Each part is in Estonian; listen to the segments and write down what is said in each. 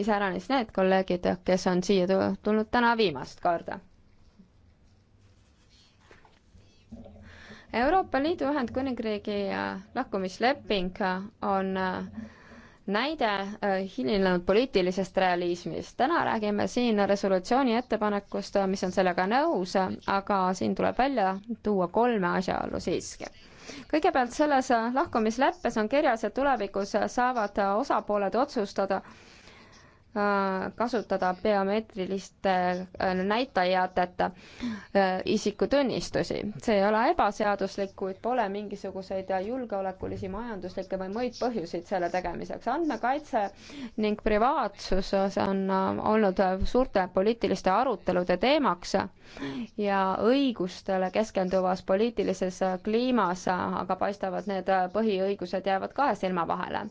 iseäranis need kolleegid, kes on siia tulnud täna viimast korda. Euroopa Liidu Ühendkuningriigi äh, lahkumisleping äh, on äh, näide hilinenud poliitilisest realismist. täna räägime siin resolutsiooni ettepanekust, mis on sellega nõus, aga siin tuleb välja tuua kolme asjaolu siiski kõigepealt selles lahkumisleppes on kirjas, et tulevikus saavad osapooled otsustada, kasutada biomeetriliste äh, näitajateta äh, isikutunnistusi. see ei ole ebaseaduslik, kuid pole mingisuguseid julgeolekulisi, majanduslikke või muid põhjuseid selle tegemiseks. andmekaitse ning privaatsus on äh, olnud suurte poliitiliste arutelude teemaks ja õigustele keskenduvas poliitilises kliimas aga paistavad need põhiõigused jäävad kahe silma vahele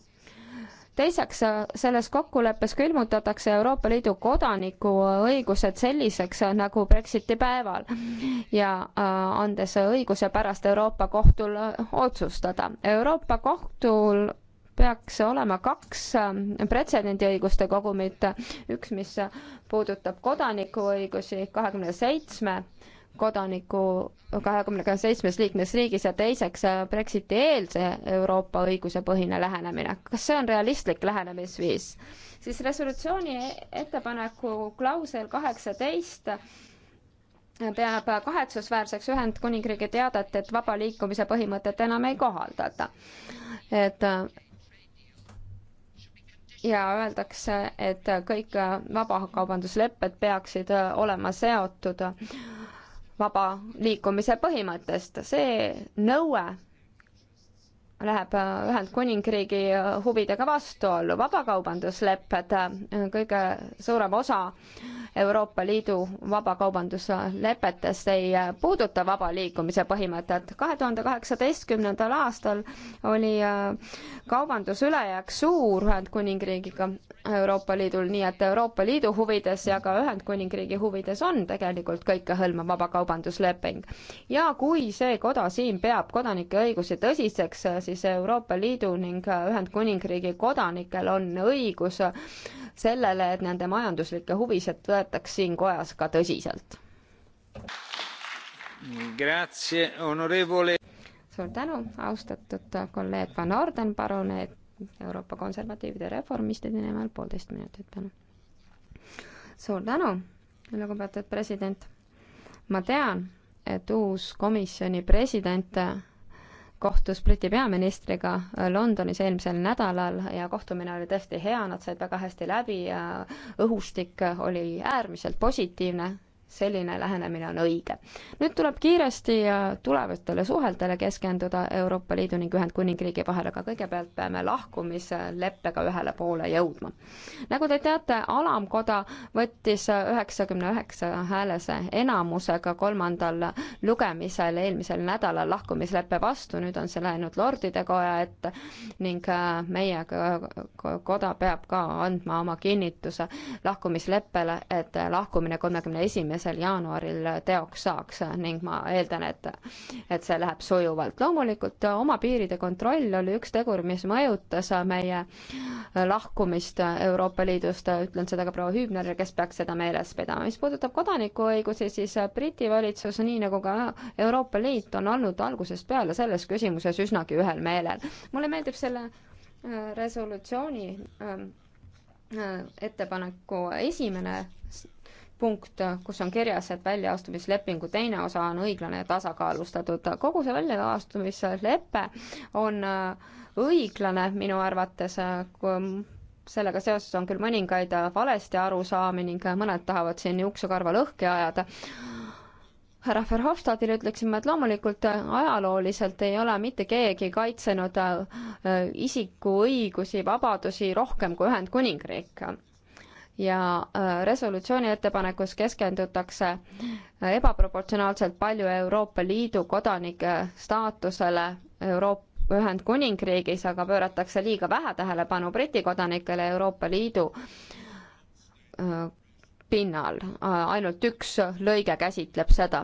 teiseks, äh, selles kokkuleppes külmutatakse Euroopa Liidu kodaniku õigused selliseks, äh, nagu Brexiti päeval ja äh, andes õiguse pärast Euroopa Kohtul otsustada. Euroopa Kohtul peaks olema kaks pretsedendiõiguste kogumit, üks, mis puudutab kodanikuõigusi kahekümne seitsme kodaniku kahekümne seitsmes liikmesriigis ja teiseks äh, Brexiti eelse Euroopa õiguse põhine lähenemine. kas see on realistlik lähenemisviis? siis resolutsiooni ettepaneku klausel kaheksateist peab kahetsusväärseks Ühendkuningriigi teadet, et vaba liikumise põhimõtet enam ei kohaldata. et äh, ja öeldakse, et kõik äh, vabakaubanduslepped peaksid olema seotud äh, vaba liikumise põhimõttest. see nõue läheb äh, Ühendkuningriigi äh, huvidega vastuollu. vabakaubanduslepped, äh, kõige suurem osa Euroopa Liidu vabakaubanduslepetest ei puuduta vaba liikumise põhimõtet. kahe tuhande kaheksateistkümnendal aastal oli äh, kaubandusülejääk suur Ühendkuningriigiga Euroopa Liidul, nii et Euroopa Liidu huvides ja ka Ühendkuningriigi huvides on tegelikult kõikehõlmav vabakaubandusleping. ja kui see koda siin peab kodanike õigusi tõsiseks, siis Euroopa Liidu ning Ühendkuningriigi kodanikel on õigus sellele, et nende majanduslikke huvisid võetaks siin kojas ka tõsiselt. suur tänu, austatud kolleeg Van Orden, palun, Euroopa Konservatiivide Reformistide nimel poolteist minutit, palun. suur tänu, lugupeetud president. ma tean, et uus komisjoni president kohtus Briti peaministriga äh, Londonis eelmisel nädalal ja kohtumine oli tõesti hea, nad said väga hästi läbi ja õhustik äh, oli äärmiselt positiivne selline lähenemine on õige. nüüd tuleb kiiresti tulevatele suheldele keskenduda Euroopa Liidu ning Ühendkuningriigi vahel, aga kõigepealt peame lahkumisleppega ühele poole jõudma. nagu te teate, alamkoda võttis üheksakümne üheksa häälese enamusega kolmandal lugemisel eelmisel nädalal lahkumisleppe vastu, nüüd on see läinud Lordide koja ette ning äh, meie koda peab ka andma oma kinnituse lahkumisleppele, et lahkumine kolmekümne esimesel esimesel jaanuaril teoks saaks ning ma eeldan, et, et see läheb sujuvalt. loomulikult oma piiride kontroll oli üks tegur, mis mõjutas meie lahkumist Euroopa Liidust, ütlen seda ka proua Hübnerile, kes peaks seda meeles pidama. mis puudutab kodanikuõigusi, siis Briti valitsus, nii nagu ka Euroopa Liit, on olnud algusest peale selles küsimuses üsnagi ühel meelel. mulle meeldib selle äh, resolutsiooni ähm, äh, ettepaneku esimene punkt, kus on kirjas, et väljaastumislepingu teine osa on õiglane ja tasakaalustatud. kogu see väljaastumislepe on äh, õiglane minu arvates, äh, sellega seoses on küll mõningaid äh, valesti arusaami ning mõned tahavad siin juuksekarva lõhki ajada, härra Verhofstadile ütleksin ma, et loomulikult ajalooliselt ei ole mitte keegi kaitsenud isiku õigusi, vabadusi rohkem kui Ühendkuningriik ja äh, resolutsiooni ettepanekus keskendutakse äh, ebaproportsionaalselt palju Euroopa Liidu kodanike staatusele Euroopa Ühendkuningriigis, aga pööratakse liiga vähe tähelepanu Briti kodanikele Euroopa Liidu äh, pinnal, ainult üks lõige käsitleb seda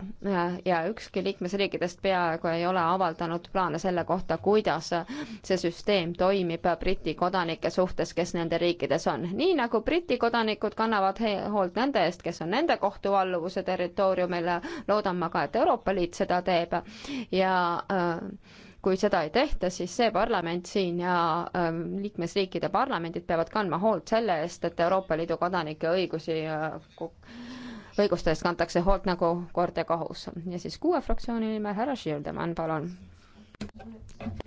ja ükski liikmesriikidest peaaegu ei ole avaldanud plaane selle kohta, kuidas see süsteem toimib Briti kodanike suhtes, kes nende riikides on. nii nagu Briti kodanikud kannavad hoolt nende eest, kes on nende kohtualluvuse territooriumil, loodan ma ka, et Euroopa Liit seda teeb ja äh, kui seda ei tehta, siis see parlament siin ja ähm, liikmesriikide parlamendid peavad kandma hoolt selle eest, et Euroopa Liidu kodanike õigusi, äh, õiguste eest kantakse hoolt nagu kord ja kohus. ja siis kuue fraktsiooni nimel härra Schildemann, palun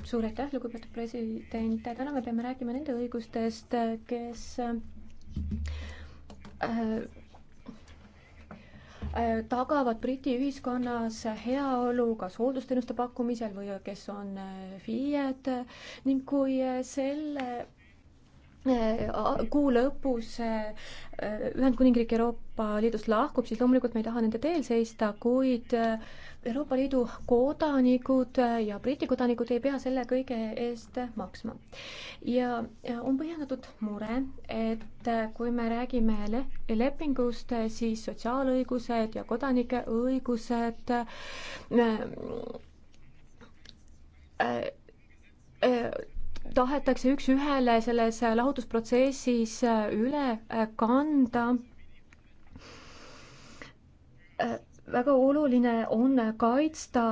suur aitäh, lugupeetud president, täna me peame rääkima nende õigustest, kes äh, Äh, tagavad Briti ühiskonnas heaolu kas hooldusteenuste pakkumisel või kes on äh, FIE-d ning kui äh, selle Äh, kuu lõpus äh, äh, Ühendkuningriik Euroopa Liidust lahkub, siis loomulikult me ei taha nende teel seista, kuid Euroopa Liidu kodanikud ja Briti kodanikud ei pea selle kõige eest maksma. ja on põhjendatud mure, et kui me räägime le lepingust, siis sotsiaalõigused ja kodanike õigused äh, äh, tahetakse üks-ühele selles äh, lahutusprotsessis äh, üle äh, kanda. väga oluline on kaitsta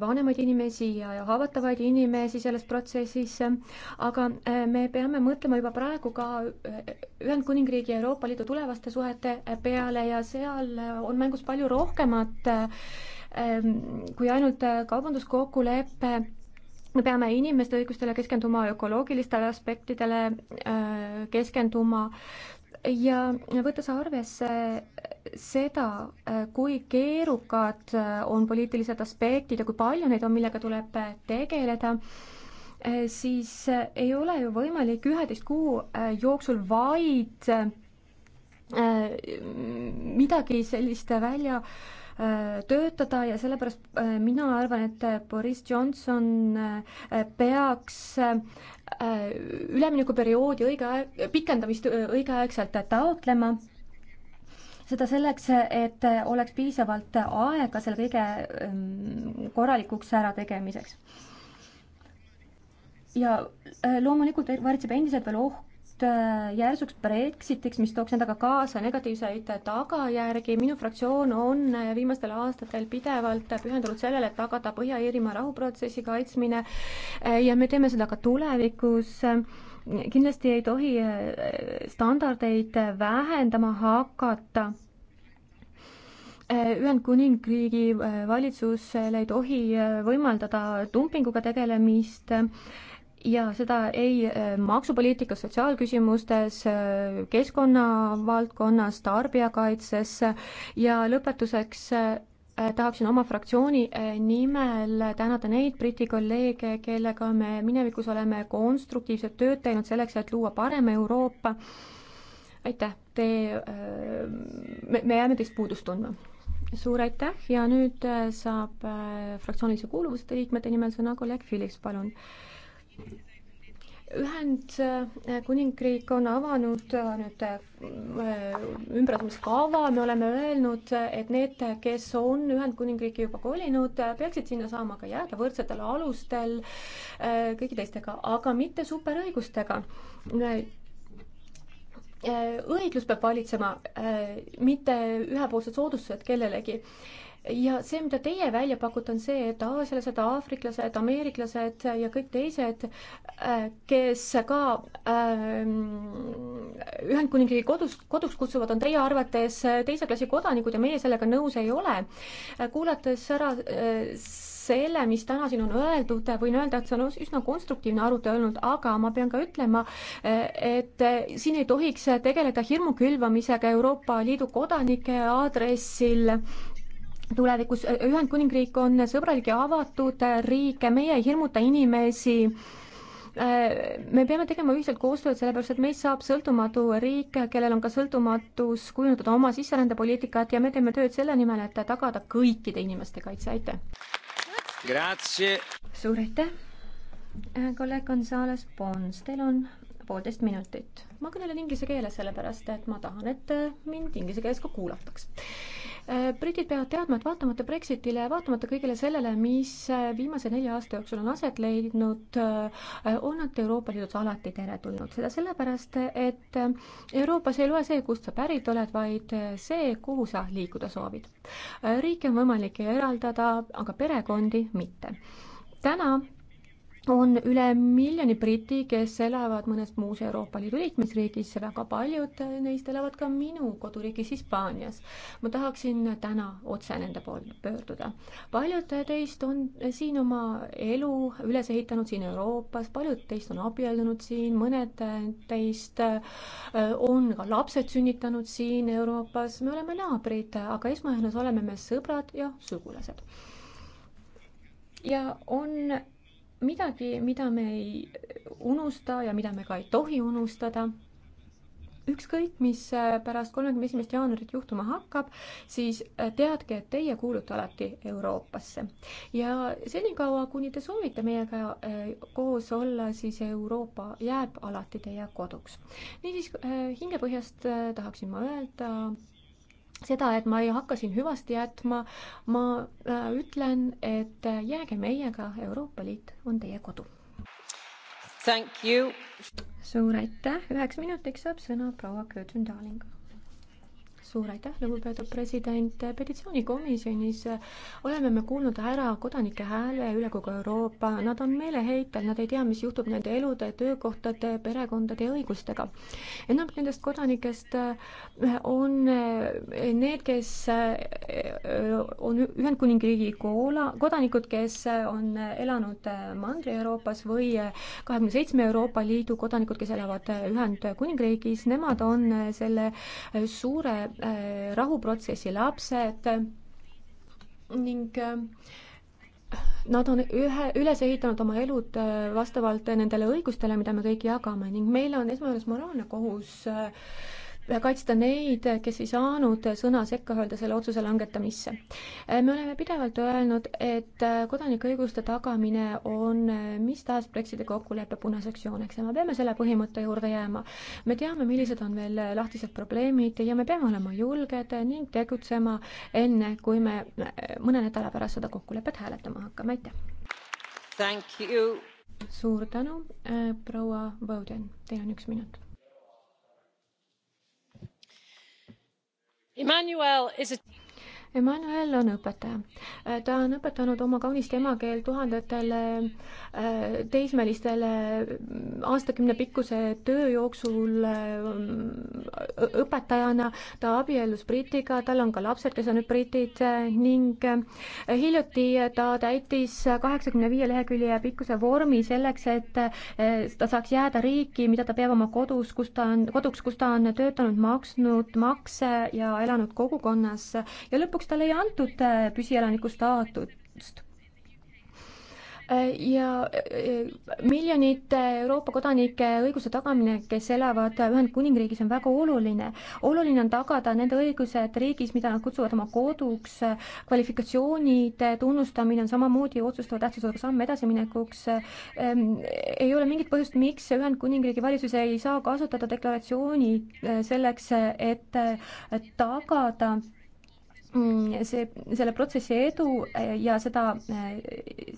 vanemaid inimesi ja haavatavaid inimesi selles protsessis, aga me peame mõtlema juba praegu ka Ühendkuningriigi ja Euroopa Liidu tulevaste suhete peale ja seal on mängus palju rohkemat ähm, kui ainult kaubanduskokkulepe me peame inimeste õigustele keskenduma, ökoloogilistele aspektidele äh, keskenduma ja võttes arvesse seda, äh, kui keerukad äh, on poliitilised aspektid ja kui palju neid on, millega tuleb tegeleda, siis ei ole ju võimalik üheteist kuu jooksul vaid midagi sellist välja Äh, töötada ja sellepärast äh, mina arvan, et Boris Johnson äh, peaks üleminekuperioodi õige aeg, pikendamist õigeaegselt taotlema seda selleks, et oleks piisavalt aega selle kõige ähm, korralikuks ärategemiseks. ja loomulikult varitseb endiselt veel oht, Äh, järsuks Brexitiks, mis tooks endaga kaasa negatiivseid tagajärgi. minu fraktsioon on äh, viimastel aastatel pidevalt pühendunud sellele, et tagada Põhja-Iirimaa rahuprotsessi kaitsmine äh, ja me teeme seda ka tulevikus kindlasti ei tohi standardeid vähendama hakata. Ühendkuningriigi valitsusel ei tohi võimaldada dumpinguga tegelemist ja seda ei äh, maksupoliitikas, sotsiaalküsimustes, äh, keskkonnavaldkonnas, tarbijakaitses ja lõpetuseks äh, tahaksin oma fraktsiooni nimel tänada neid Briti kolleege, kellega me minevikus oleme konstruktiivset tööd teinud selleks, et luua parem Euroopa. aitäh, te, me, me jääme teist puudust tundma. suur aitäh ja nüüd saab fraktsioonilise kuuluvuse liikmete nimel sõna kolleeg Philips, palun Ühendkuningriik on avanud äh, nüüd äh, ümberasumiskava, me oleme öelnud, et need, kes on Ühendkuningriiki juba kolinud, äh, peaksid sinna saama ka jääda võrdsetel alustel kõigi teistega, aga mitte superõigustega. õiglus peab valitsema, mitte ühepoolsed soodustused kellelegi ja see, mida teie välja pakute, on see, et aasialased, aafriklased, ameeriklased ja kõik teised, äh, kes ka ähm, Ühendkuningriigi kodus, koduks kutsuvad, on teie arvates teise klassi kodanikud ja meie sellega nõus ei ole. Äh, kuulates ära äh, selle, mis täna siin on öeldud, võin öelda, et see on üsna konstruktiivne arutelu olnud, aga ma pean ka ütlema, äh, et siin ei tohiks tegeleda hirmu külvamisega Euroopa Liidu kodanike aadressil tulevikus. Ühendkuningriik on sõbralik ja avatud riik, meie ei hirmuta inimesi me peame tegema ühiselt koostööd, sellepärast et meist saab sõltumatu riik, kellel on ka sõltumatus kujundada oma sisserändepoliitikat ja me teeme tööd selle nimel, et tagada kõikide inimeste kaitse, aitäh! suur aitäh! kolleeg Gonzales Pons, teil on poolteist minutit. ma kõnelen inglise keeles, sellepärast et ma tahan, et mind inglise keeles ka kuulataks britid peavad teadma, et vaatamata Brexitile ja vaatamata kõigele sellele, mis äh, viimase nelja aasta jooksul on aset leidnud, äh, on nad Euroopa Liidus alati teretulnud. seda sellepärast, et äh, Euroopas ei loe see, kust sa pärit oled, vaid see, kuhu sa liikuda soovid. riike on võimalik eraldada, aga perekondi mitte. täna on üle miljoni briti, kes elavad mõnes muus Euroopa Liidu liikmesriigis, väga paljud neist elavad ka minu koduriigis Hispaanias. ma tahaksin täna otse nende poole pöörduda. paljud teist on siin oma elu üles ehitanud siin Euroopas, paljud teist on abiellunud siin, mõned teist äh, on ka lapsed sünnitanud siin Euroopas, me oleme naabrid, aga esmajoones oleme me sõbrad ja sugulased ja on midagi, mida me ei unusta ja mida me ka ei tohi unustada ükskõik, mis äh, pärast kolmekümne esimest jaanuarit juhtuma hakkab, siis äh, teadke, et teie kuulute alati Euroopasse. ja senikaua, kuni te soovite meiega äh, koos olla, siis Euroopa jääb alati teie koduks. niisiis, hingepõhjast tahaksin ma öelda seda, et ma ei hakka siin hüvasti jätma, ma äh, ütlen, et äh, jääge meiega, Euroopa Liit on teie kodu. suur aitäh, üheks minutiks saab sõna proua Gertrude Darling suur aitäh, lugupeetud president, petitsioonikomisjonis oleme me kuulnud ära kodanike hääle üle kogu Euroopa, nad on meeleheitel, nad ei tea, mis juhtub nende elude, töökohtade, perekondade ja õigustega. enamik nendest kodanikest äh, on äh, need, kes äh, on Ühendkuningriigi koola, kodanikud, kes on elanud Mandri-Euroopas või kahekümne seitsme Euroopa Liidu kodanikud, kes elavad Ühendkuningriigis, nemad on selle suure Äh, rahuprotsessi lapsed ning äh, Nad on ühe, üles ehitanud oma elud äh, vastavalt nendele õigustele, mida me kõik jagame ning meil on esmajoones moraalne kohus äh, kaitsta neid, kes ei saanud sõna sekka öelda selle otsuse langetamisse. me oleme pidevalt öelnud, et kodanikuõiguste tagamine on mis tahes Brexiti kokkuleppe punaseks jooneks ja me peame selle põhimõtte juurde jääma. me teame, millised on veel lahtised probleemid ja me peame olema julged ning tegutsema enne, kui me mõne nädala pärast seda kokkulepet hääletama hakkame, aitäh! suur tänu, proua Bowden, teil on üks minut emmanuel is a. Emmanuel on õpetaja. Äh, ta on õpetanud oma kaunist emakeelt tuhandetele äh, teismelistele mm, aastakümne pikkuse töö jooksul äh, õpetajana. ta abiellus britiga, tal on ka lapsed, kes on nüüd britid ning hiljuti ta täitis kaheksakümne viie lehekülje pikkuse vormi selleks, et ta saaks jääda riiki, mida ta peab oma kodus, kus ta on, koduks, kus ta on töötanud, maksnud makse ja elanud kogukonnas ja lõpuks lõpuks talle ei antud äh, püsielaniku staatust äh, ja äh, miljonite Euroopa kodanike õiguse tagamine, kes elavad Ühendkuningriigis, on väga oluline. oluline on tagada nende õigused riigis, mida nad kutsuvad oma koduks, kvalifikatsioonide tunnustamine on samamoodi otsustava tähtsusega samm edasiminekuks. Ähm, ei ole mingit põhjust, miks Ühendkuningriigi valitsus ei saa kasutada deklaratsiooni selleks, et tagada Mm, see, selle protsessi edu eh, ja seda eh,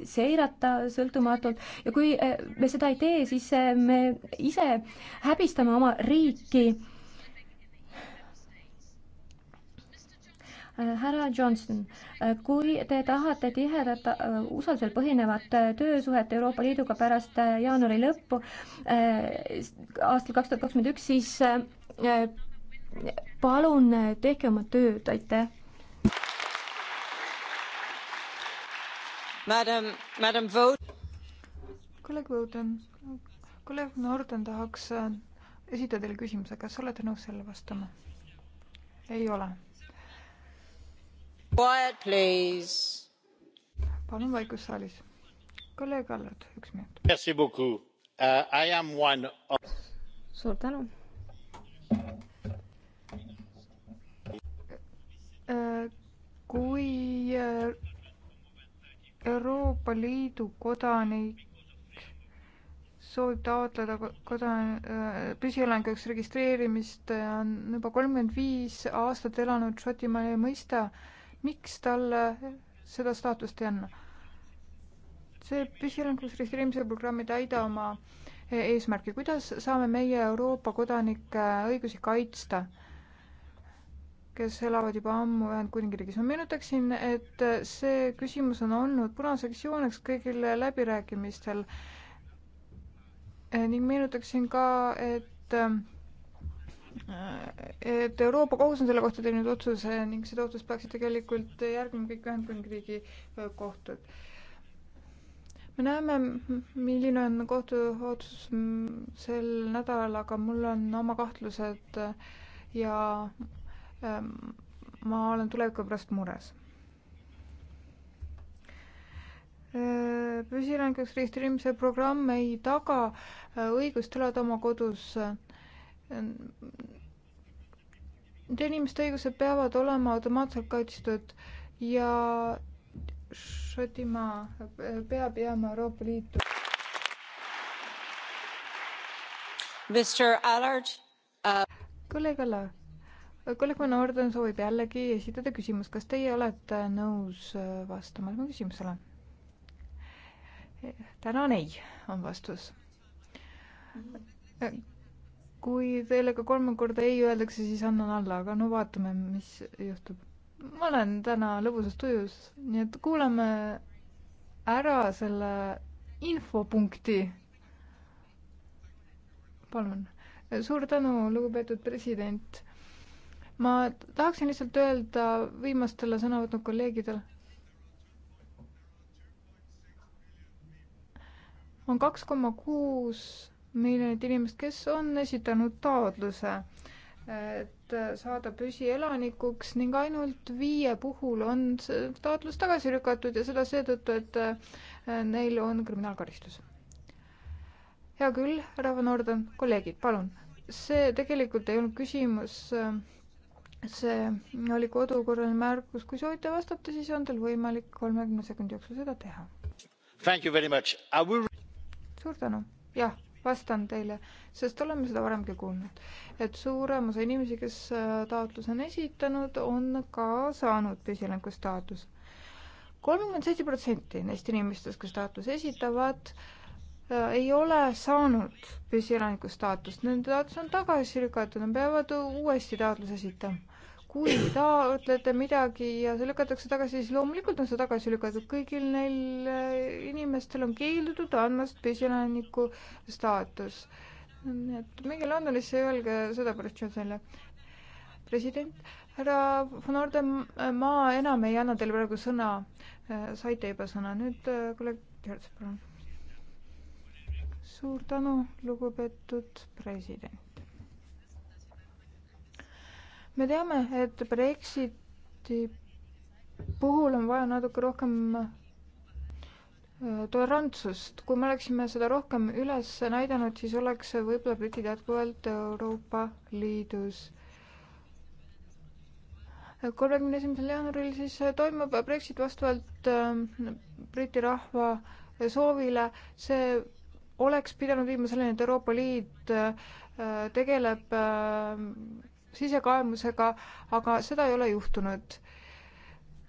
seirata sõltumatult ja kui eh, me seda ei tee, siis me ise häbistame oma riiki. härra Johnson, kui te tahate tihedat usaldusel põhinevat töösuhet Euroopa Liiduga pärast jaanuari lõppu aastal kaks tuhat kakskümmend üks, siis palun tehke oma tööd, aitäh Madam, Madam Vote. kolleeg Voten, kolleeg Norden tahaks äh, esitada teile küsimuse, kas olete nõus sellele vastama? ei ole. palun vaikust saalis. kolleeg Allard, üks minut. Uh, suur tänu kui äh, Euroopa Liidu kodanik soovib taotleda kodan-, äh, püsielanikuks registreerimist, äh, on juba kolmkümmend viis aastat elanud Šotimaal ja ei mõista, miks talle seda staatust ei anna. see püsielanikuks registreerimise programm ei täida oma eesmärki, kuidas saame meie Euroopa kodanike õigusi kaitsta kes elavad juba ammu Ühendkuningriigis. ma meenutaksin, et see küsimus on olnud punaseks jooneks kõigil läbirääkimistel ning meenutaksin ka, et et Euroopa Kohus on selle kohta teinud otsuse ning seda otsust peaksid tegelikult järgima kõik Ühendkuningriigi kohtud. me näeme, milline on kohtuotsus sel nädalal, aga mul on oma kahtlused ja Ehm, ma olen tuleviku pärast mures. Ehm, püsielanikeks registreerimise programm ei taga äh, õigust elada oma kodus. Ehm, nende inimeste õigused peavad olema automaatselt kaitstud ja Šotimaa äh, peab jääma Euroopa Liitu. Uh kolleeg Allar kolleeg Manno Orden soovib jällegi esitada küsimust, kas teie olete nõus äh, vastama tema küsimusele? tänan, ei, on vastus. kui teile ka kolm korda ei öeldakse, siis annan alla, aga no vaatame, mis juhtub. ma olen täna lõbusas tujus, nii et kuulame ära selle infopunkti. palun. suur tänu, lugupeetud president ma tahaksin lihtsalt öelda viimastele sõna võtnud kolleegidele. on kaks koma kuus miljonit inimest, kes on esitanud taotluse, et saada püsielanikuks ning ainult viie puhul on see taotlus tagasi lükatud ja seda seetõttu, et äh, neil on kriminaalkaristus. hea küll, härra Van Orden, kolleegid, palun. see tegelikult ei olnud küsimus äh, see oli kodukorraline märkus, kui soovite vastata, siis on teil võimalik kolmekümne sekundi jooksul seda teha. Will... suur tänu, jah, vastan teile, sest oleme seda varemgi kuulnud, et suurem osa inimesi, kes äh, taotluse on esitanud, on ka saanud püsielaniku staatuse. kolmkümmend seitse protsenti neist inimestest, kes taotluse esitavad, äh, ei ole saanud püsielaniku staatust, nende taotlus on tagasi lükatud, nad peavad uuesti taotluse esitama kui taotlete midagi ja see lükatakse tagasi, siis loomulikult on see tagasi lükatud. kõigil neil eh, inimestel on keeldutud andmast püsielaniku staatus. nii et minge Londonisse ja öelge seda pärast Johnsonile. president, härra von Orden, ma enam ei anna teile praegu sõna. Eh, saite juba sõna, nüüd eh, kolleeg George, palun. suur tänu, lugupeetud president me teame, et Brexiti puhul on vaja natuke rohkem äh, tolerantsust. kui me oleksime seda rohkem üles näidanud, siis oleks võib-olla britid jätkuvalt Euroopa Liidus. kolmekümne esimesel jaanuaril siis toimub Brexit vastavalt äh, Briti rahva soovile. see oleks pidanud viima selleni, et Euroopa Liit äh, tegeleb sisekaemusega, aga seda ei ole juhtunud.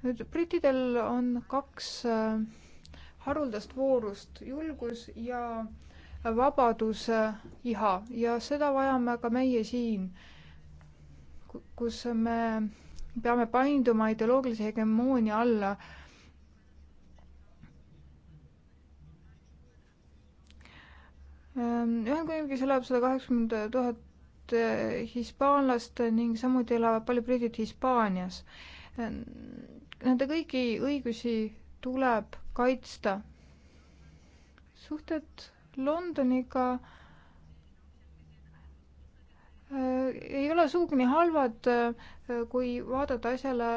nüüd brittidel on kaks äh, haruldast voorust, julgus ja vabaduse iha ja seda vajame ka meie siin, kus me peame painduma ideoloogilise hegemoonia alla Ühendkuningriigis elab sada kaheksakümmend tuhat tuhat äh, hispaanlast ning samuti elavad paljud britid Hispaanias. Nende kõigi õigusi tuleb kaitsta. suhted Londoniga äh, ei ole sugugi nii halvad, äh, kui vaadata asjale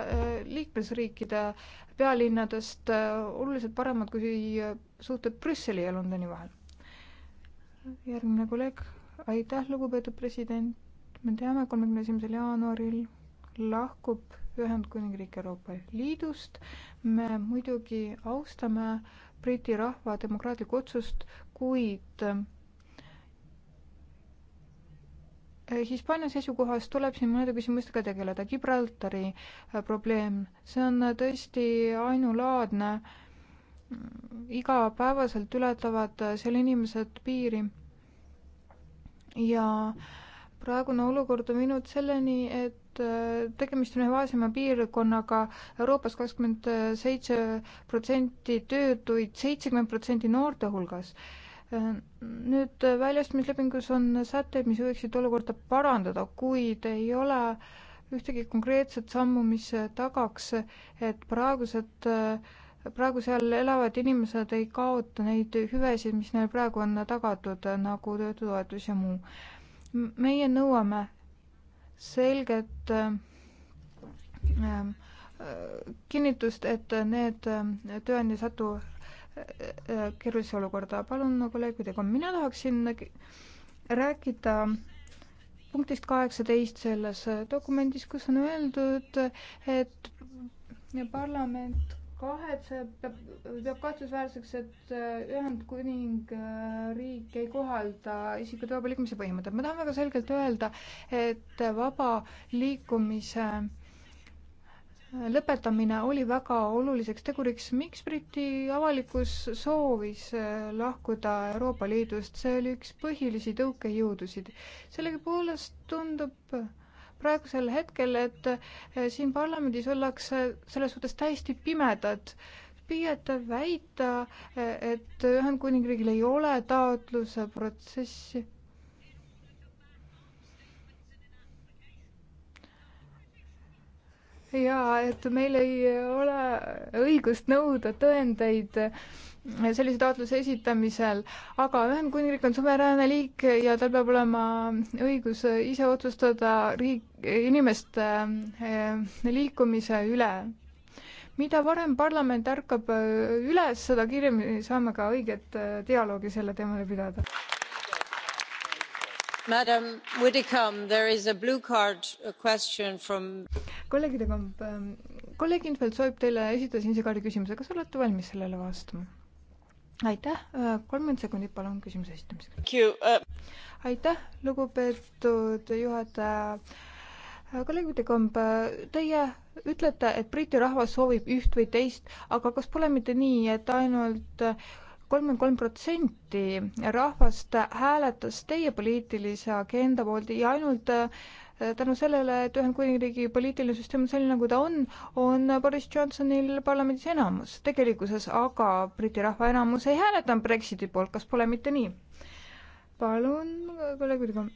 liikmesriikide pealinnadest oluliselt paremad kui suhted Brüsseli ja Londoni vahel. järgmine kolleeg aitäh, lugupeetud president. me teame, kolmekümne esimesel jaanuaril lahkub Ühendkuningriik Euroopa Liidust. me muidugi austame Briti rahva demokraatlikku otsust, kuid eh, Hispaania seisukohast tuleb siin mõnede küsimustega tegeleda. Gibraltari eh, probleem, see on eh, tõesti ainulaadne. Mm, igapäevaselt ületavad seal inimesed piiri ja praegune olukord on viinud selleni, et äh, tegemist on ühe vaesema piirkonnaga Euroopas kakskümmend seitse protsenti töötuid, seitsekümmend protsenti noorte hulgas. Äh, nüüd väljastamislepingus on sätteid, mis võiksid olukorda parandada, kuid ei ole ühtegi konkreetset sammu, mis tagaks, et praegused äh, praegu seal elavad inimesed ei kaota neid hüvesid, mis neil praegu on tagatud, nagu töötutoetus ja muu. meie nõuame selget ähm, äh, kinnitust, et need äh, tööandjad ei satu äh, äh keerulisse olukorda. palun kolleegidega, mina tahaksin rääkida punktist kaheksateist selles dokumendis, kus on öeldud, et parlament kahetseb, peab, peab kahetsusväärseks, et äh, Ühendkuningriik ei kohalda isiku vaba liikumise põhimõtet. ma tahan väga selgelt öelda, et vaba liikumise äh, lõpetamine oli väga oluliseks teguriks, miks Briti avalikkus soovis äh, lahkuda Euroopa Liidust, see oli üks põhilisi tõukejõudusid. sellegipoolest tundub praegusel hetkel, et eh, siin parlamendis ollakse selles suhtes täiesti pimedad. püüate väita, eh, et Ühendkuningriigil ei ole taotluse protsessi? jaa, et meil ei ole õigust nõuda tõendeid sellise taotluse esitamisel, aga Ühendkuningriik on suveräänne liik ja tal peab olema õigus ise otsustada riik, inimeste eh, liikumise üle. mida varem parlament ärkab eh, üles, seda kiiremini saame ka õiget eh, dialoogi selle teemal pidada. Madam Widdicombe, there is a blue card a question from kolleegide komp-, kolleeg Infeld soovib teile esitada sinise kaardi küsimuse, kas olete valmis sellele vastama? aitäh, äh, kolmkümmend sekundit, palun küsimuse esitamiseks. Äh. aitäh, lugupeetud juhataja. Äh, kolleeg Vitekomb, teie ütlete, et Briti rahvas soovib üht või teist, aga kas pole mitte nii, et ainult kolmkümmend kolm protsenti rahvast hääletas teie poliitilise agenda poolt ja ainult Äh, tänu sellele, et Ühendkuningriigi poliitiline süsteem on selline, nagu ta on, on Boris Johnsonil parlamendis enamus. tegelikkuses aga Briti rahva enamus ei hääleta Brexiti poolt, kas pole mitte nii? palun, kolleeg Vilgam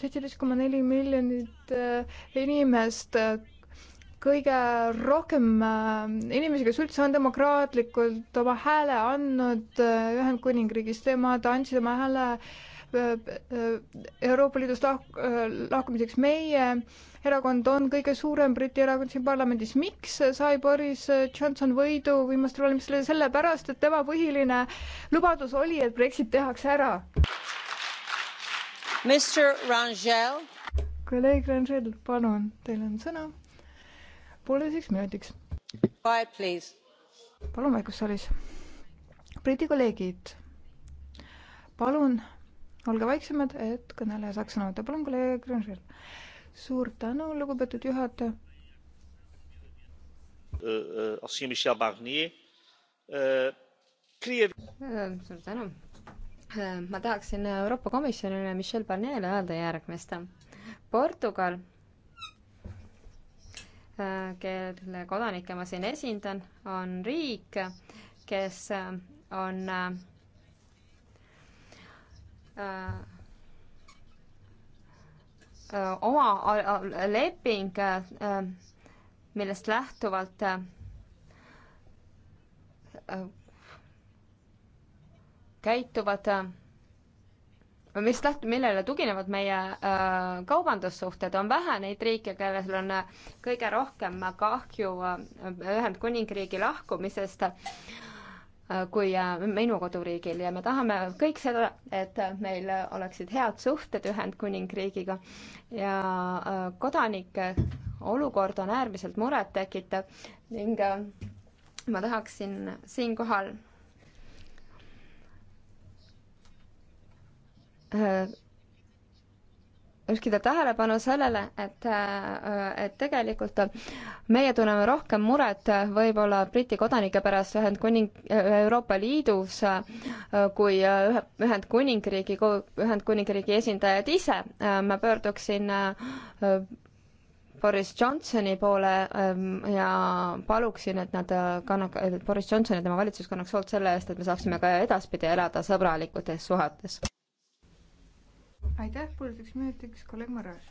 seitseteist koma neli miljonit äh, inimest, äh, kõige rohkem inimesi, kes üldse on demokraatlikult oma hääle andnud Ühendkuningriigis, nemad andsid oma hääle äh, Äh, Euroopa Liidust lahk-, äh, lahkumiseks. meie erakond on kõige suurem Briti erakond siin parlamendis. miks sai Boris Johnson võidu viimastel valimistel? sellepärast, et tema põhiline lubadus oli, et Brexit tehakse ära. kolleeg Rangel, palun, teil on sõna pooleteiseks minutiks. palun vaikust saalis. Briti kolleegid palun olge vaiksemad, et kõneleja saaks sõna võtta. palun, kolleeg Grünschel. suur tänu, lugupeetud juhataja. Äh, äh, äh, suur tänu. ma tahaksin Euroopa Komisjonile Michel Barnier'le öelda järgmist. Portugal, kelle kodanikke ma siin esindan, on riik, kes on Äh, äh, oma äh, leping, millest lähtuvalt käituvad või mis läht-, millele tuginevad meie äh, kaubandussuhted, on vähe neid riike, kellel on äh, kõige rohkem kahju äh, Ühendkuningriigi lahkumisest äh,. Äh, kui äh, minu koduriigil ja me tahame kõik seda, et meil oleksid head suhted Ühendkuningriigiga ja äh, kodanike olukord on äärmiselt murettekitav ning ma tahaksin siinkohal juhtida tähelepanu sellele, et, äh, et tegelikult meie tunneme rohkem muret võib-olla Briti kodanike pärast Ühendkuning, Euroopa Liidus äh, kui äh, Ühendkuningriigi, Ühendkuningriigi esindajad ise. ma pöörduksin Boris Johnsoni poole ähm, ja paluksin, et nad kannak-, Boris Johnson ja tema valitsus kannaks hoolt selle eest, et me saaksime ka edaspidi elada sõbralikutes suhetes aitäh, pooleteks minutiks kolleeg Maras.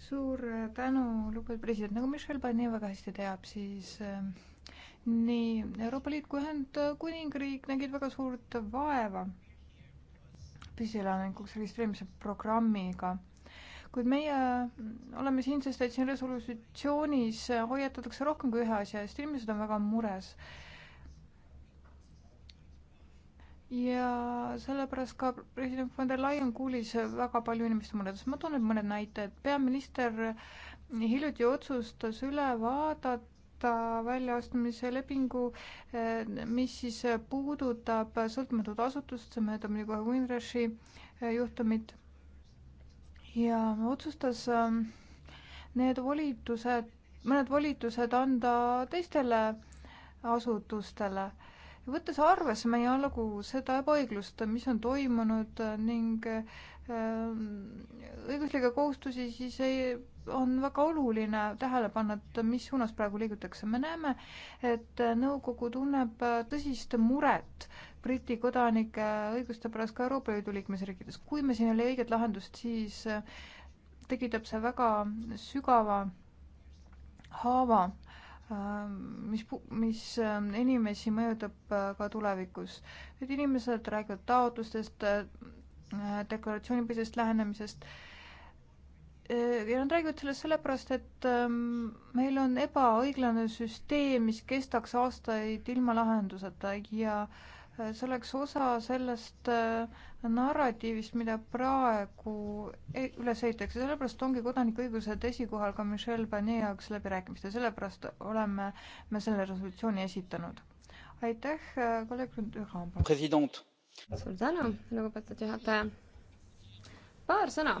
suur äh, tänu, lugupeetud president, nagu Michel Barnier väga hästi teab, siis äh, nii Euroopa Liit kui Ühendkuningriik nägid väga suurt vaeva püsielanikuks registreerimise programmiga kuid meie mm, oleme siin, sest et siin resolutsioonis äh, hoiatatakse rohkem kui ühe asja eest, inimesed on väga mures ja sellepärast ka president von der Leyen kuulis väga palju inimeste muredest. ma toon nüüd mõned näited. peaminister hiljuti otsustas üle vaadata väljaastumise lepingu, eh, mis siis puudutab sõltumatut asutust, see möödub nii kohe Windrushi eh, juhtumit. ja otsustas eh, need volitused, mõned volitused anda teistele asutustele võttes arvesse meie ajalugu, seda ebaõiglust, mis on toimunud ning äh, õiguslikke kohustusi, siis ei, on väga oluline tähele panna, et mis suunas praegu liigutakse. me näeme, et nõukogu tunneb tõsist muret Briti kodanike õiguste pärast ka Euroopa Liidu liikmesriikides. kui me siin ei leia õiget lahendust, siis tekitab see väga sügava haava Ähm, mis, mis ähm, inimesi mõjutab äh, ka tulevikus. et inimesed räägivad taotlustest, äh, deklaratsioonipõhisest lähenemisest äh, ja nad räägivad sellest sellepärast, et ähm, meil on ebaõiglane süsteem, mis kestaks aastaid ilma lahenduseta ja äh, see oleks osa sellest äh, narratiivist, mida praegu e-, üles ehitatakse, sellepärast ongi kodanikuõigused esikohal ka Michel Barnier jaoks läbirääkimistel, sellepärast oleme me selle resolutsiooni esitanud. aitäh, äh, kolleeg Ründüran. suur tänu, lugupeetud juhataja. paar sõna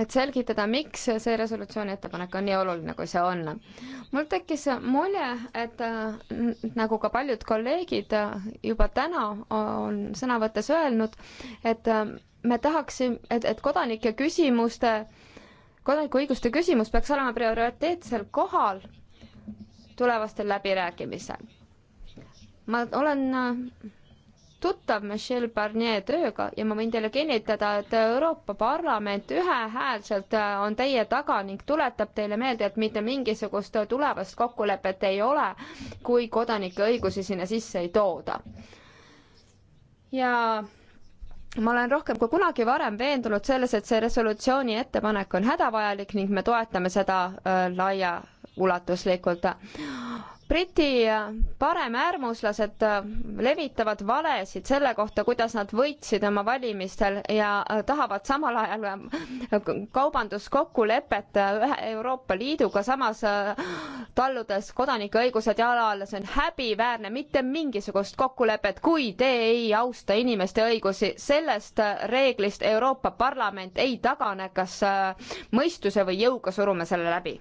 et selgitada, miks see resolutsiooni ettepanek on nii oluline, kui see on. mul tekkis mulje, et äh, nagu ka paljud kolleegid äh, juba täna on sõna võttes öelnud, et äh, me tahaksime, et, et kodanike küsimuste, kodanikuõiguste küsimus peaks olema prioriteetsel kohal tulevastel läbirääkimisel. ma olen tuttav Michel Barnier tööga ja ma võin teile kinnitada, et Euroopa Parlament ühehäälselt äh, on teie taga ning tuletab teile meelde, et mitte mingisugust tulevast kokkulepet ei ole, kui kodanike õigusi sinna sisse ei tooda. ja ma olen rohkem kui kunagi varem veendunud selles, et see resolutsiooni ettepanek on hädavajalik ning me toetame seda äh, laiaulatuslikult Briti äh, paremäärmuslased äh, levitavad valesid selle kohta, kuidas nad võitsid oma valimistel ja äh, tahavad samal ajal kaubanduskokkulepet Euroopa Liiduga, samas talludes kodanike õigused jala alla, see on häbiväärne, mitte mingisugust kokkulepet, kui te ei austa inimeste õigusi, sellest reeglist Euroopa Parlament ei tagane, kas mõistuse või jõuga surume selle läbi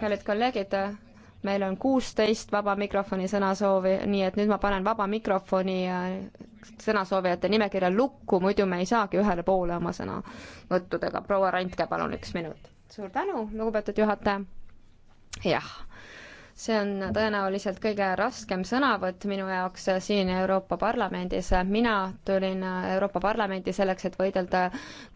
kallid kolleegid, meil on kuusteist vaba mikrofoni sõnasoovi, nii et nüüd ma panen vaba mikrofoni äh, sõnasoovijate nimekirja lukku, muidu me ei saagi ühele poole oma sõnavõttudega. proua Randke, palun üks minut. suur tänu, lugupeetud juhataja. jah see on tõenäoliselt kõige raskem sõnavõtt minu jaoks siin Euroopa Parlamendis. mina tulin Euroopa Parlamenti selleks, et võidelda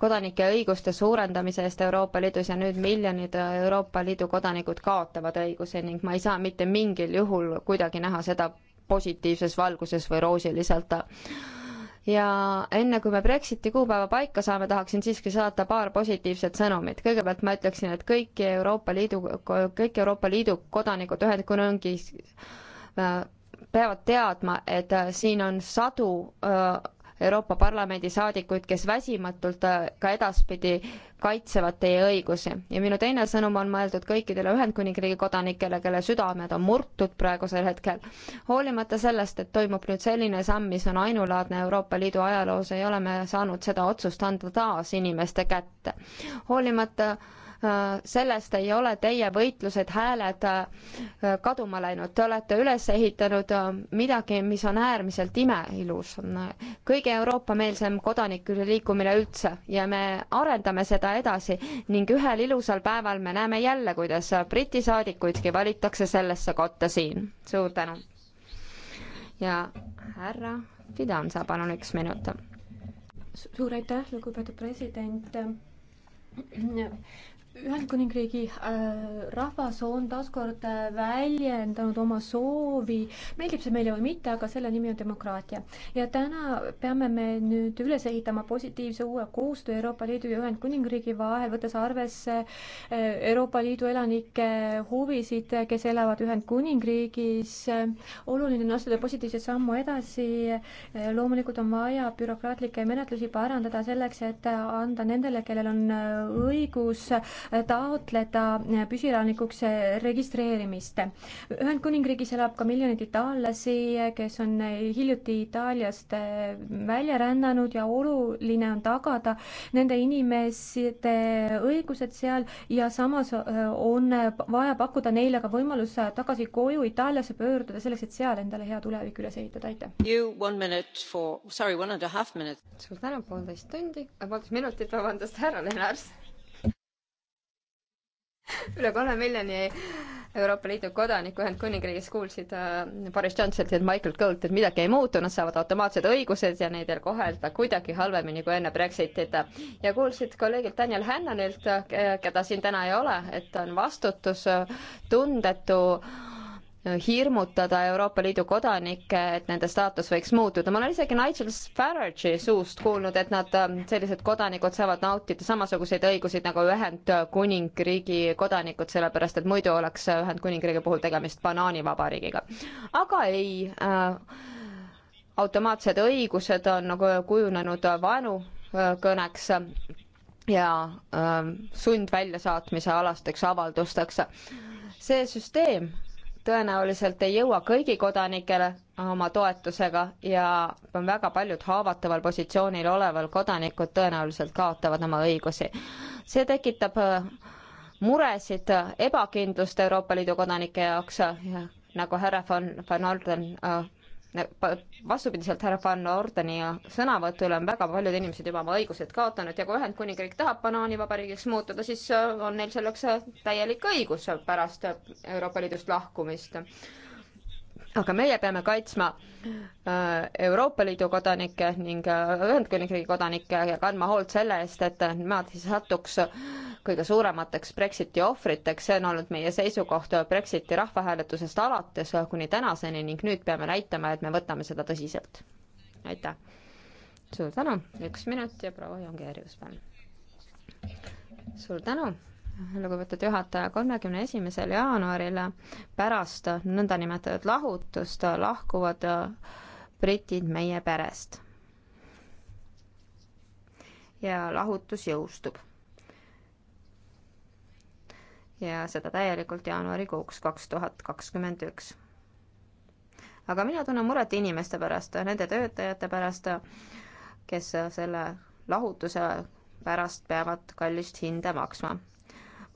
kodanike õiguste suurendamise eest Euroopa Liidus ja nüüd miljonid Euroopa Liidu kodanikud kaotavad õigusi ning ma ei saa mitte mingil juhul kuidagi näha seda positiivses valguses või roosiliselt ja enne kui me Brexiti kuupäeva paika saame, tahaksin siiski saata paar positiivset sõnumit. kõigepealt ma ütleksin, et kõiki Euroopa Liidu, kõik Euroopa Liidu kodanikud Ühendkuningriigis äh, peavad teadma, et äh, siin on sadu öö, äh, Euroopa Parlamendi saadikuid, kes väsimatult äh, ka edaspidi kaitsevad teie õigusi. ja minu teine sõnum on mõeldud kõikidele Ühendkuningriigi kodanikele, kelle südamed on murtud praegusel hetkel. hoolimata sellest, et toimub nüüd selline samm, mis on ainulaadne Euroopa Liidu ajaloos, ei ole me saanud seda otsust anda taas inimeste kätte. hoolimata Äh, sellest ei ole teie võitlused, hääled äh, kaduma läinud. Te olete üles ehitanud äh, midagi, mis on äärmiselt imeilus. kõige Euroopa-meelsem kodanikele liikumine üldse ja me arendame seda edasi ning ühel ilusal päeval me näeme jälle, kuidas Briti saadikuidki valitakse sellesse kotta siin. suur tänu. ja härra Fidanza, palun üks minut. suur aitäh, lugupeetud president Ühendkuningriigi äh, rahvas on taaskord äh, väljendanud oma soovi, meeldib see meile või mitte, aga selle nimi on demokraatia. ja täna peame me nüüd üles ehitama positiivse uue koostöö Euroopa Liidu ja Ühendkuningriigi vahel, võttes arvesse äh, Euroopa Liidu elanike huvisid, kes elavad Ühendkuningriigis. oluline on astuda positiivset sammu edasi. loomulikult on vaja bürokraatlikke menetlusi parandada selleks, et anda nendele, kellel on õigus taotleda püsielanikuks registreerimist. Ühendkuningriigis elab ka miljoneid itaallasi, kes on hiljuti Itaaliast välja rännanud ja oluline on tagada nende inimeste õigused seal ja samas on vaja pakkuda neile ka võimalus tagasi koju Itaaliasse pöörduda, selleks et seal endale hea tulevik üles ehitada, aitäh! suur tänu, poolteist tundi, äh, poolteist minutit, vabandust, härra Lennart! üle kolme miljoni Euroopa Liidu kodaniku Ühendkuningriigis kuulsid äh, Boris Johnsonilt ja Michael Goldt, et midagi ei muutu, nad saavad automaatsed õigused ja neid ei kohelda kuidagi halvemini kui enne Brexitit. ja kuulsid kolleegilt Daniel Hannonilt, äh, keda siin täna ei ole, et on vastutustundetu äh, Äh, hirmutada Euroopa Liidu kodanikke, et nende staatus võiks muutuda. ma olen isegi Nigel Farage'i suust kuulnud, et nad, ähm, sellised kodanikud saavad nautida samasuguseid õigusi nagu Ühendkuningriigi kodanikud, sellepärast et muidu oleks Ühendkuningriigi puhul tegemist banaanivabariigiga. aga ei äh,, automaatsed õigused on nagu kujunenud vaenukõneks äh, ja äh, sundväljasaatmise alasteks avaldusteks. see süsteem tõenäoliselt ei jõua kõigi kodanikele oma toetusega ja väga paljud haavataval positsioonil oleval kodanikud tõenäoliselt kaotavad oma õigusi. see tekitab äh, muresid, ebakindlust Euroopa Liidu kodanike jaoks ja nagu härra von, von Orden äh, vastupidiselt härra Van Ordeni sõnavõtule on väga paljud inimesed juba oma õigused kaotanud ja kui Ühendkuningriik tahab banaanivabariigiks muutuda, siis äh, on neil selleks äh, täielik õigus pärast Euroopa Liidust lahkumist aga meie peame kaitsma äh, Euroopa Liidu kodanikke ning äh, Ühendkuningriigi kodanikke ja kandma hoolt selle eest, et nemad ei satuks kõige suuremateks Brexiti ohvriteks, see on olnud meie seisukoht Brexiti rahvahääletusest alates kuni tänaseni ning nüüd peame näitama, et me võtame seda tõsiselt. aitäh! suur tänu, üks minut ja proua Jongeerius, palun! suur tänu! lugupeetud juhataja, kolmekümne esimesel jaanuaril pärast nõndanimetatud lahutust lahkuvad britid meie perest. ja lahutus jõustub. ja seda täielikult jaanuarikuuks kaks tuhat kakskümmend üks. aga mina tunnen muret inimeste pärast, nende töötajate pärast, kes selle lahutuse pärast peavad kallist hinda maksma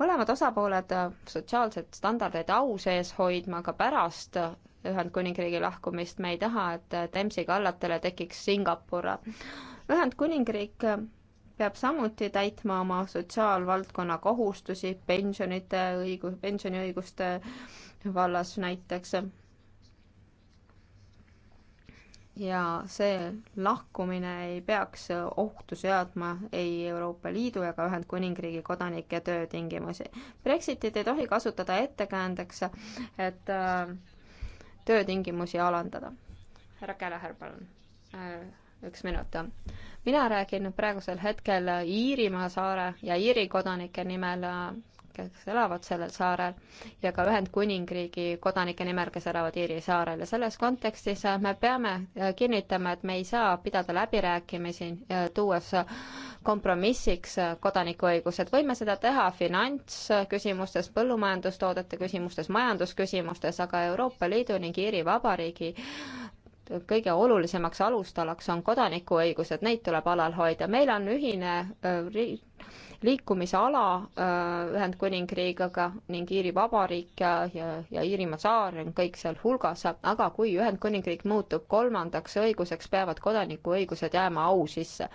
mõlemad osapooled äh, sotsiaalseid standardeid au sees hoidma ka pärast äh, Ühendkuningriigi lahkumist, me ei taha, et Dempsey äh, kallatele tekiks Singapur. Ühendkuningriik peab samuti täitma oma sotsiaalvaldkonna kohustusi pensionite õigu-, pensioniõiguste vallas näiteks ja see lahkumine ei peaks ohtu seadma ei Euroopa Liidu ega Ühendkuningriigi kodanike töötingimusi. Brexitit ei tohi kasutada ettekäändeks, et äh, töötingimusi alandada. härra Käleher, palun äh,, üks minut. mina räägin praegusel hetkel Iirimaa saare ja Iiri kodanike nimel äh, kes elavad sellel saarel, ja ka Ühendkuningriigi kodanike nimel, kes elavad Iiri saarel ja selles kontekstis äh, me peame äh, kinnitama, et me ei saa pidada läbirääkimisi, äh, tuues kompromissiks kodanikuõigused, võime seda teha finantsküsimustes, põllumajandustoodete küsimustes, majandusküsimustes, aga Euroopa Liidu ning Iiri Vabariigi kõige olulisemaks alustalaks on kodanikuõigused, neid tuleb alal hoida. meil on ühine liikumisala äh, Ühendkuningriigiga ning Iiri Vabariik ja, ja, ja Iirimaa saar on kõik seal hulgas, aga kui Ühendkuningriik muutub kolmandaks õiguseks, peavad kodanikuõigused jääma au sisse.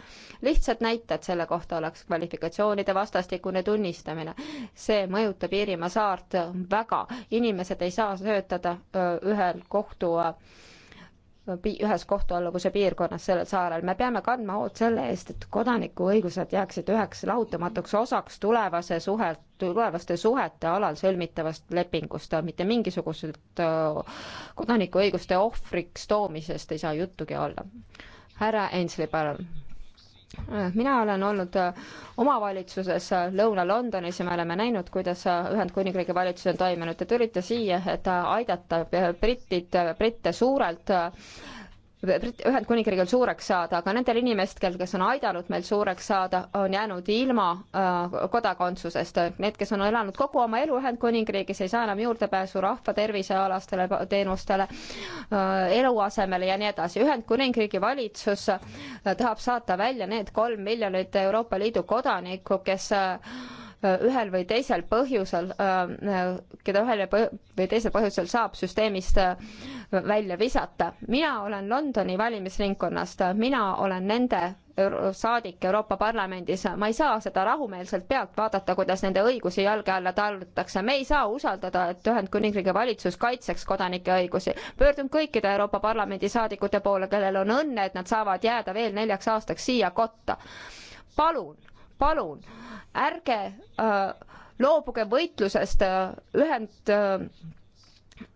lihtsad näited selle kohta oleks kvalifikatsioonide vastastikune tunnistamine. see mõjutab Iirimaa saart väga, inimesed ei saa töötada äh, ühel kohtu äh, ühes kohtualluvuse piirkonnas sellel saarel, me peame kandma hoolt selle eest, et kodanikuõigused jääksid üheks lahutamatuks osaks tulevase suhe, tulevaste suhete alal sõlmitavast lepingust, mitte mingisugusest äh, kodanikuõiguste ohvriks toomisest ei saa juttugi olla. härra Ainsli, palun mina olen olnud äh, omavalitsuses äh, Lõuna-Londonis ja me oleme näinud, kuidas äh, Ühendkuningriigi valitsus on toiminud. Te tulite siia, et aidata brittid, britte suurelt Ühendkuningriigil suureks saada, aga nendel inimestel, kes on aidanud meil suureks saada, on jäänud ilma äh, kodakondsusest. Need, kes on elanud kogu oma elu Ühendkuningriigis, ei saa enam juurdepääsu rahvatervisealastele teenustele äh,, eluasemele ja nii edasi. Ühendkuningriigi valitsus äh, tahab saata välja need kolm miljonit Euroopa Liidu kodanikku, kes äh, Äh, ühel või teisel põhjusel, äh, äh, keda ühel või teisel põhjusel saab süsteemist välja visata. mina olen Londoni valimisringkonnast, mina olen nende saadik Euroopa Parlamendis, ma ei saa seda rahumeelselt pealt vaadata, kuidas nende õigusi jalge alla tallutatakse, me ei saa usaldada, et Ühendkuningriigi valitsus kaitseks kodanike õigusi. pöördun kõikide Euroopa Parlamendi saadikute poole, kellel on õnne, et nad saavad jääda veel neljaks aastaks siia kotta. palun palun ärge äh, loobuge võitlusest äh, ühend äh,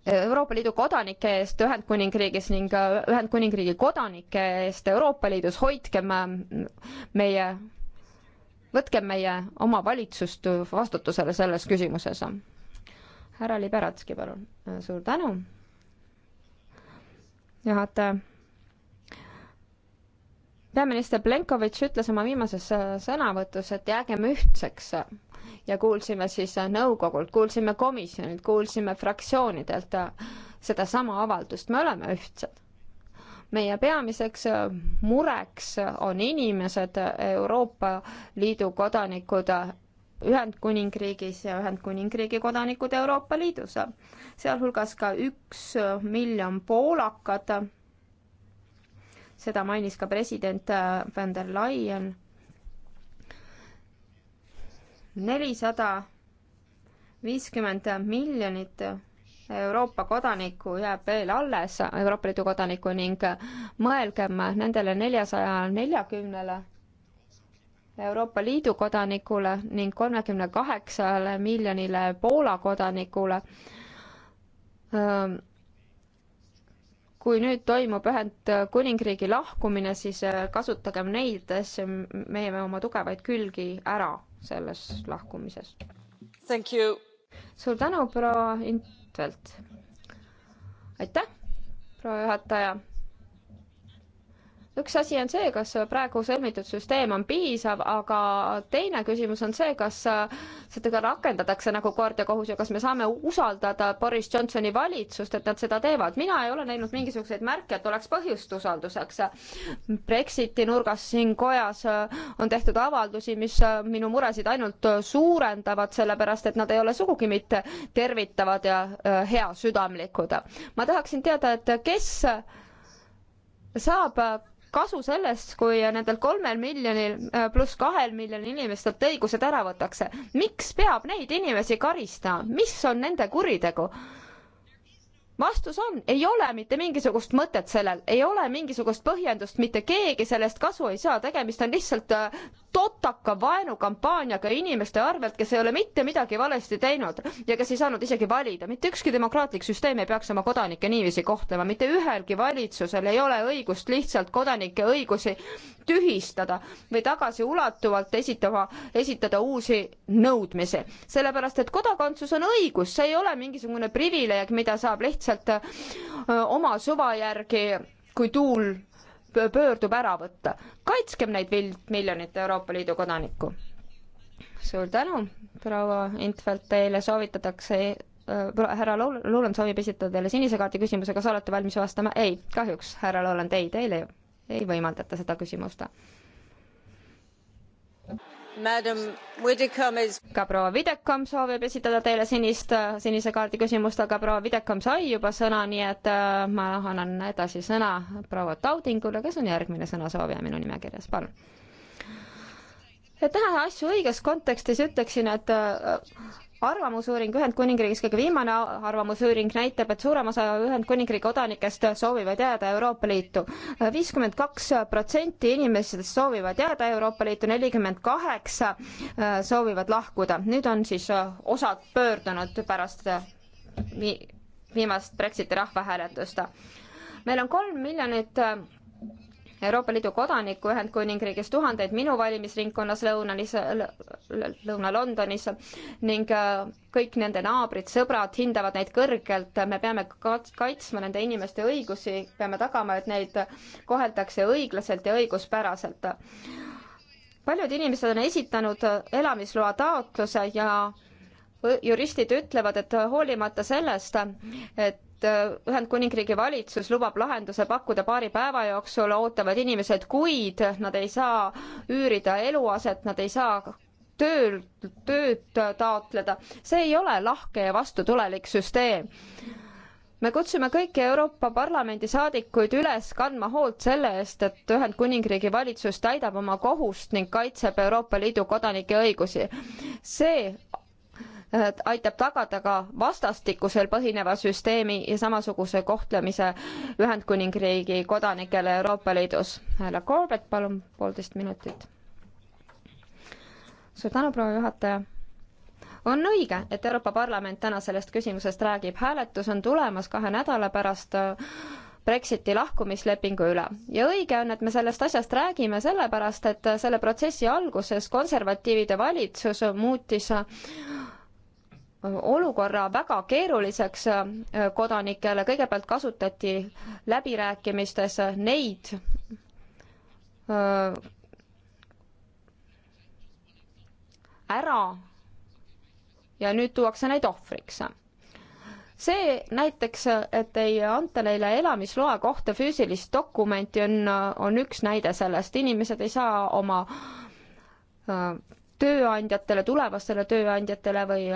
Euroopa Liidu kodanike eest Ühendkuningriigis ning äh, Ühendkuningriigi kodanike eest Euroopa Liidus, hoidkem äh, meie, võtkem meie oma valitsust vastutusele selles küsimuses. härra Liberatski, palun. Äh, suur tänu. juhataja peaminister Plenkovitš ütles oma viimases äh, sõnavõtus, et jäägem ühtseks ja kuulsime siis äh, nõukogult, kuulsime komisjonilt, kuulsime fraktsioonidelt äh, sedasama avaldust, me oleme ühtsed. meie peamiseks mureks on inimesed, Euroopa Liidu kodanikud Ühendkuningriigis ja Ühendkuningriigi kodanikud Euroopa Liidus, sealhulgas ka üks miljon poolakat seda mainis ka president äh, van der Leyen. nelisada viiskümmend miljonit Euroopa kodanikku jääb veel alles, Euroopa Liidu kodanikku ning mõelgem nendele neljasaja neljakümnele Euroopa Liidu kodanikule ning kolmekümne kaheksale miljonile Poola kodanikule kui nüüd toimub Ühendkuningriigi lahkumine, siis äh, kasutagem neid asju, meie oma tugevaid külgi ära selles lahkumises. suur tänu, proua Intvelt. aitäh, proua juhataja üks asi on see, kas praegu sõlmitud süsteem on piisav, aga teine küsimus on see, kas seda rakendatakse nagu kord ja kohus ja kas me saame usaldada Boris Johnsoni valitsust, et nad seda teevad. mina ei ole näinud mingisuguseid märke, et oleks põhjust usalduseks. Brexiti nurgas siin kojas on tehtud avaldusi, mis minu muresid ainult suurendavad, sellepärast et nad ei ole sugugi mitte tervitavad ja heasüdamlikud. ma tahaksin teada, et kes saab kasu sellest, kui nendel kolmel miljonil äh, pluss kahel miljonil inimestelt õigused ära võtakse. miks peab neid inimesi karistama, mis on nende kuritegu? vastus on, ei ole mitte mingisugust mõtet sellel, ei ole mingisugust põhjendust, mitte keegi sellest kasu ei saa, tegemist on lihtsalt äh, totaka vaenukampaaniaga inimeste arvelt, kes ei ole mitte midagi valesti teinud ja kes ei saanud isegi valida. mitte ükski demokraatlik süsteem ei peaks oma kodanikke niiviisi kohtlema, mitte ühelgi valitsusel ei ole õigust lihtsalt kodanike õigusi tühistada või tagasiulatuvalt esitama, esitada uusi nõudmisi. sellepärast, et kodakondsus on õigus, see ei ole mingisugune privileeg, mida saab lihtsalt öö, oma suva järgi kui tuul pöördub ära võtta. kaitskem neid miljonit Euroopa Liidu kodanikku. suur tänu, proua Intvelt, teile soovitatakse äh,, härra Luulen soovib esitada teile sinise kaardi küsimuse, kas olete valmis vastama? ei, kahjuks, härra Luulen, ei, teile ei võimaldata seda küsimust Is... ka proua Videkom soovib esitada teile sinist, sinise kaardi küsimust, aga proua Videkom sai juba sõna, nii et äh, ma annan edasi sõna proua Taudingule, kes on järgmine sõnasoovija minu nimekirjas, palun. et näha asju õiges kontekstis, ütleksin, et äh, arvamusuuring Ühendkuningriigis, kõige viimane arvamusuuring näitab, et suurem osa Ühendkuningriigi kodanikest soovivad jääda Euroopa Liitu. viiskümmend kaks protsenti inimestest soovivad jääda Euroopa Liitu, nelikümmend kaheksa äh, soovivad lahkuda. nüüd on siis äh, osad pöördunud pärast äh, viimast Brexiti rahvahääletust. meil on kolm miljonit Euroopa Liidu kodanikku Ühendkuningriigis tuhandeid minu valimisringkonnas lõunalis, Lõuna-Londonis ning äh, kõik nende naabrid, sõbrad hindavad neid kõrgelt, me peame kaitsma nende inimeste õigusi, peame tagama, et neid koheldakse õiglaselt ja õiguspäraselt. paljud inimesed on esitanud elamisloa taotluse ja äh, juristid ütlevad, et hoolimata sellest, et et äh, Ühendkuningriigi valitsus lubab lahenduse pakkuda paari päeva jooksul, ootavad inimesed kuid, nad ei saa üürida eluaset, nad ei saa tööl, tööd taotleda. see ei ole lahke ja vastutulelik süsteem me kutsume kõiki Euroopa Parlamendi saadikuid üles kandma hoolt selle eest, et Ühendkuningriigi valitsus täidab oma kohust ning kaitseb Euroopa Liidu kodanike õigusi. see aitab tagada ka vastastikusel põhineva süsteemi ja samasuguse kohtlemise Ühendkuningriigi kodanikele Euroopa Liidus. härra Corbett, palun poolteist minutit. suur tänu, proua juhataja on õige, et Euroopa Parlament täna sellest küsimusest räägib, hääletus on tulemas kahe nädala pärast äh, Brexiti lahkumislepingu üle. ja õige on, et me sellest asjast räägime sellepärast, et selle protsessi alguses konservatiivide valitsus muutis äh, olukorra väga keeruliseks äh, kodanikele, kõigepealt kasutati läbirääkimistes neid äh, ära ja nüüd tuuakse neid ohvriks see näiteks, et ei anta neile elamisloa kohta füüsilist dokumenti, on, on üks näide sellest, inimesed ei saa oma äh, tööandjatele, tulevastele tööandjatele või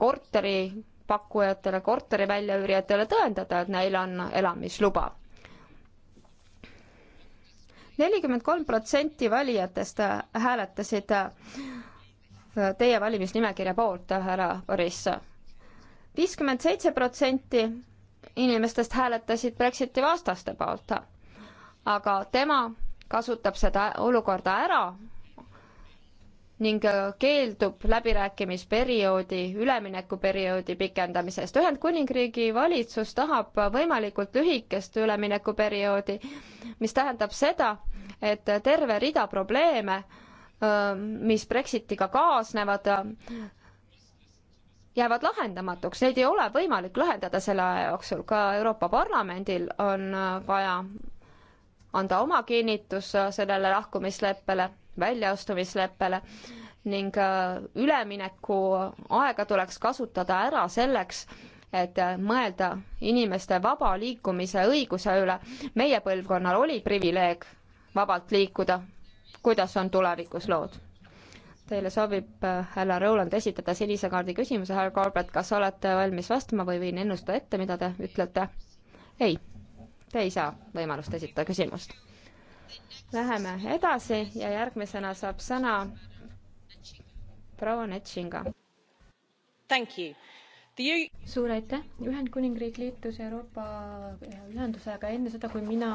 korteripakkujatele, korteri väljaüürijatele tõendada, et neil on elamisluba nelikümmend kolm protsenti valijatest hääletasid teie valimisnimekirja poolt, härra Boris. viiskümmend seitse protsenti inimestest hääletasid Brexiti vastaste poolt. aga tema kasutab seda olukorda ära ning äh, keeldub läbirääkimisperioodi, üleminekuperioodi pikendamisest. Ühendkuningriigi valitsus tahab võimalikult lühikest üleminekuperioodi, mis tähendab seda, et terve rida probleeme, äh, mis Brexitiga kaasnevad, jäävad lahendamatuks, neid ei ole võimalik lahendada selle aja jooksul, ka Euroopa Parlamendil on äh, vaja anda oma kinnitus sellele lahkumisleppele väljaastumisleppele ning äh, ülemineku aega tuleks kasutada ära selleks, et äh, mõelda inimeste vaba liikumise õiguse üle. meie põlvkonnal oli privileeg vabalt liikuda. kuidas on tulevikus lood? Teile sobib, äh, härra Roland, esitada sinise kaardi küsimuse, härra Corbett, kas olete valmis vastama või võin ennustada ette, mida te ütlete? ei, te ei saa võimalust esitada küsimust Läheme edasi ja järgmisena saab sõna proua Netšinga suur aitäh, Ühendkuningriik liitus Euroopa Ühendusega enne seda, kui mina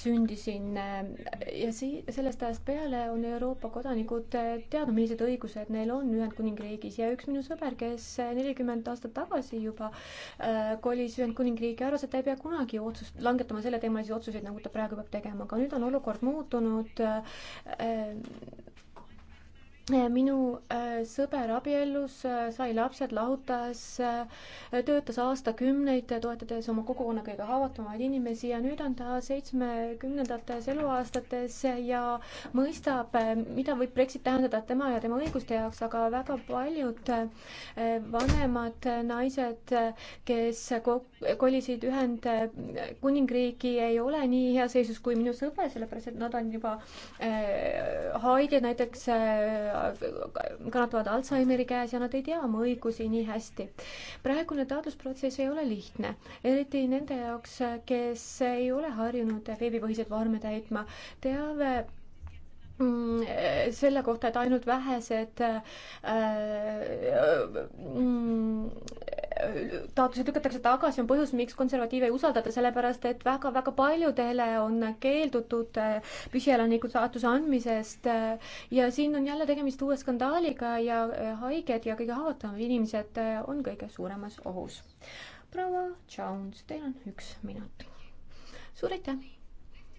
sündisin ja sii-, sellest ajast peale on Euroopa kodanikud teadnud, millised õigused neil on Ühendkuningriigis ja üks minu sõber, kes nelikümmend aastat tagasi juba äh, kolis Ühendkuningriigi, arvas, et ta ei pea kunagi otsust, langetama selleteemalisi otsuseid, nagu ta praegu peab tegema, aga nüüd on olukord muutunud äh, minu äh, sõber abiellus, äh, sai lapsed, lahutas, äh, töötas aastakümneid, toetades oma kogukonna kõige haavatavamaid inimesi ja nüüd on ta seitsmekümnendates eluaastates ja mõistab, mida võib Brexit tähendada tema ja tema õiguste jaoks, aga väga paljud vanemad naised, kes kolisid Ühendkuningriigi, ei ole nii heas seisus kui minu sõber, sellepärast et nad on juba haiged näiteks kannatavad Alžeimeri käes ja nad ei tea oma õigusi nii hästi. praegune taotlusprotsess ei ole lihtne, eriti nende jaoks, kes ei ole harjunud veebipõhiseid vorme täitma. teave mm, selle kohta, et ainult vähesed äh, äh, mm, taotlusi lükatakse tagasi, on põhjus, miks konservatiive ei usaldata, sellepärast et väga-väga paljudele on keeldutud äh, püsielaniku saatuse andmisest äh, ja siin on jälle tegemist uue skandaaliga ja äh, haiged ja kõige haavatavamad inimesed on kõige suuremas ohus. proua Jones, teil on üks minut. suur aitäh!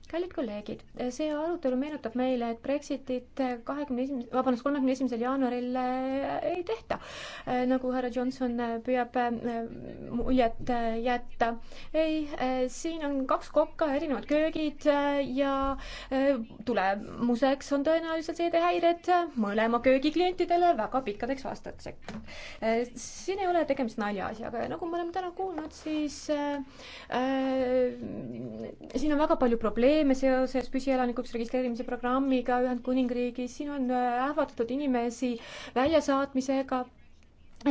kallid kolleegid, see arutelu meenutab meile, et Brexitit kahekümne esimese, vabandust, kolmekümne esimesel jaanuaril äh, ei tehta, äh, nagu härra Johnson äh, püüab muljet jätta. ei, siin on kaks kokka, erinevad köögid ja tulemuseks on tõenäoliselt seedehäired mõlema köögi klientidele väga pikkadeks aastateks. siin ei ole tegemist naljaasjaga ja nagu me oleme täna kuulnud, siis äh, siin on väga palju probleeme, probleeme seoses püsielanikuks registreerimise programmiga Ühendkuningriigis, siin on äh, ähvardatud inimesi väljasaatmisega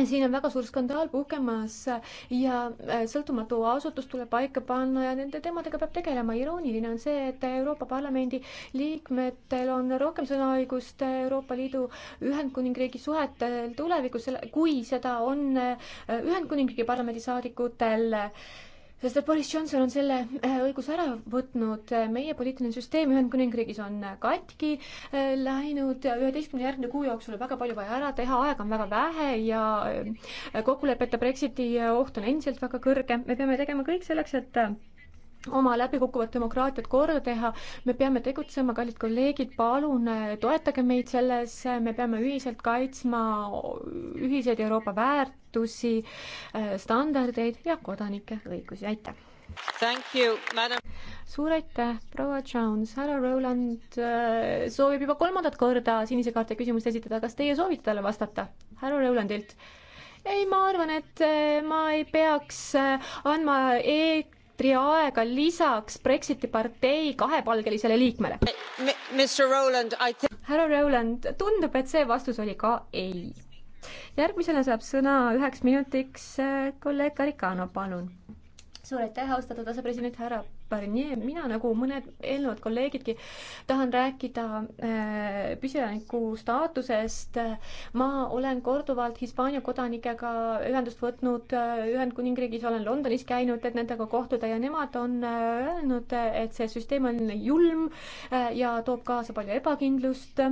siin on väga suur skandaal puhkemas ja äh, sõltumatu asutus tuleb paika panna ja nende teemadega peab tegelema. irooniline on see, et Euroopa Parlamendi liikmetel on rohkem sõnaõigust Euroopa Liidu Ühendkuningriigi suhetel tulevikus, kui seda on äh, Ühendkuningriigi parlamendi saadikutel sest et Boris Johnson on selle äh, õiguse ära võtnud, meie poliitiline süsteem Ühendkuningriigis on äh, katki äh, läinud, üheteistkümne järgmine kuu jooksul on väga palju vaja ära teha, aega on väga vähe ja kokkulepeta Brexiti oht on endiselt väga kõrge, me peame tegema kõik selleks, et oma läbikukkuvat demokraatiat korda teha, me peame tegutsema, kallid kolleegid, palun äh, toetage meid selles, me peame ühiselt kaitsma ühiseid Euroopa väärtusi, äh, standardeid ja kodanike õigusi, aitäh! suur aitäh, proua Jones, härra Roland äh, soovib juba kolmandat korda sinise kaarte küsimust esitada, kas teie soovite talle vastata? härra Rolandilt ei, ma arvan, et ma ei peaks andma e semestri aega lisaks Brexiti partei kahepalgelisele liikmele? härra Rowland, tundub, et see vastus oli ka ei. järgmisena saab sõna üheks minutiks eh, kolleeg Garicano, palun. suur aitäh, austatud asepresident härra Barnier, mina nagu mõned eelnevad kolleegidki tahan rääkida äh, püsielaniku staatusest. ma olen korduvalt Hispaania kodanikega ühendust võtnud äh,, Ühendkuningriigis olen Londonis käinud, et nendega kohtuda ja nemad on äh, öelnud, et see süsteem on julm äh, ja toob kaasa palju ebakindlust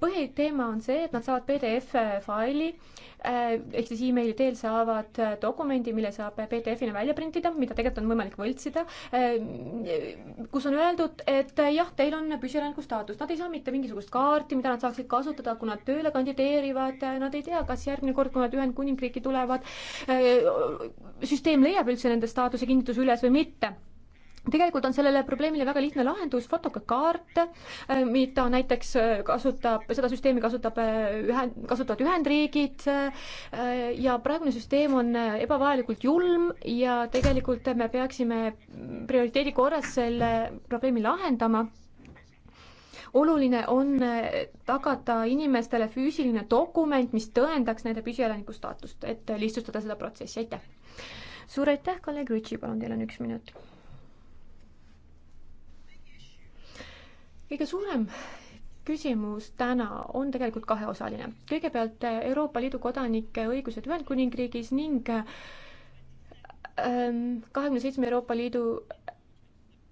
põhiteema on see, et nad saavad PDF-faili eh, ehk siis emaili teel saavad eh, dokumendi, mille saab PDF-ina välja printida, mida tegelikult on võimalik võltsida, eh, kus on öeldud, et jah, teil on püsielaniku staatus, nad ei saa mitte mingisugust kaarti, mida nad saaksid kasutada, kui nad tööle kandideerivad, nad ei tea, kas järgmine kord, kui nad Ühendkuningriiki tulevad, süsteem leiab üldse nende staatuse kinnituse üles või mitte tegelikult on sellele probleemile väga lihtne lahendus, fotokaart, äh, mida näiteks äh, kasutab, seda süsteemi kasutab äh, ühend, kasutavad Ühendriigid ja praegune süsteem on ebavajalikult julm ja tegelikult me peaksime prioriteedi korras selle probleemi lahendama oluline on tagada inimestele füüsiline dokument, mis tõendaks nende püsielaniku staatust, et lihtsustada seda protsessi, aitäh! suur aitäh, kolleeg Rütsi, palun, teil on üks minut kõige suurem küsimus täna on tegelikult kaheosaline. kõigepealt eh, Euroopa Liidu kodanike õigused Ühendkuningriigis ning ehm, kahekümne seitsme Euroopa Liidu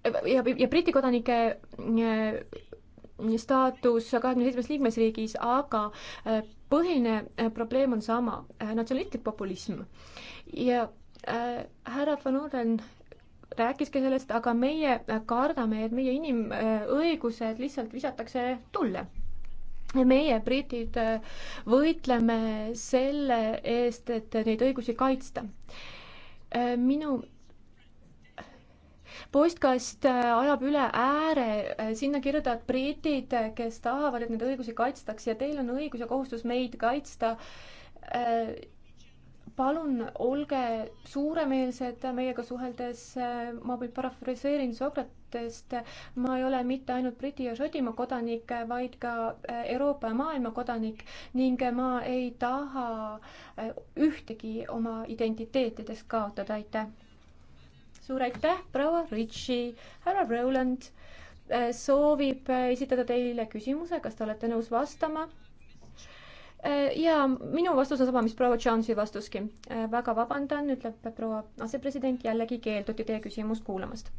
eh, ja, ja Briti kodanike eh, staatus kahekümne seitsmes liikmesriigis, aga põhiline probleem on sama, natsionalistlik populism. ja äh, härra Van Orden rääkis ka sellest, aga meie kardame, et meie inimõigused lihtsalt visatakse tulle. meie, britid, võitleme selle eest, et neid õigusi kaitsta. minu postkast ajab üle ääre, sinna kirjutavad britid, kes tahavad, et neid õigusi kaitstaks ja teil on õigus ja kohustus meid kaitsta palun olge suuremeelsed meiega suheldes, ma parafraseerin Sokratest, ma ei ole mitte ainult Briti ja Šotimaa kodanik, vaid ka äh, Euroopa ja maailma kodanik ning ma ei taha äh, ühtegi oma identiteetidest kaotada, aitäh. suur aitäh, proua Ritchie, härra Rowland äh, soovib esitada teile küsimuse, kas te olete nõus vastama Äh, ja minu vastus on sama, mis proua Chansi vastuski. Äh, väga vabandan, ütleb proua asepresident, jällegi keelduti teie küsimust kuulamast.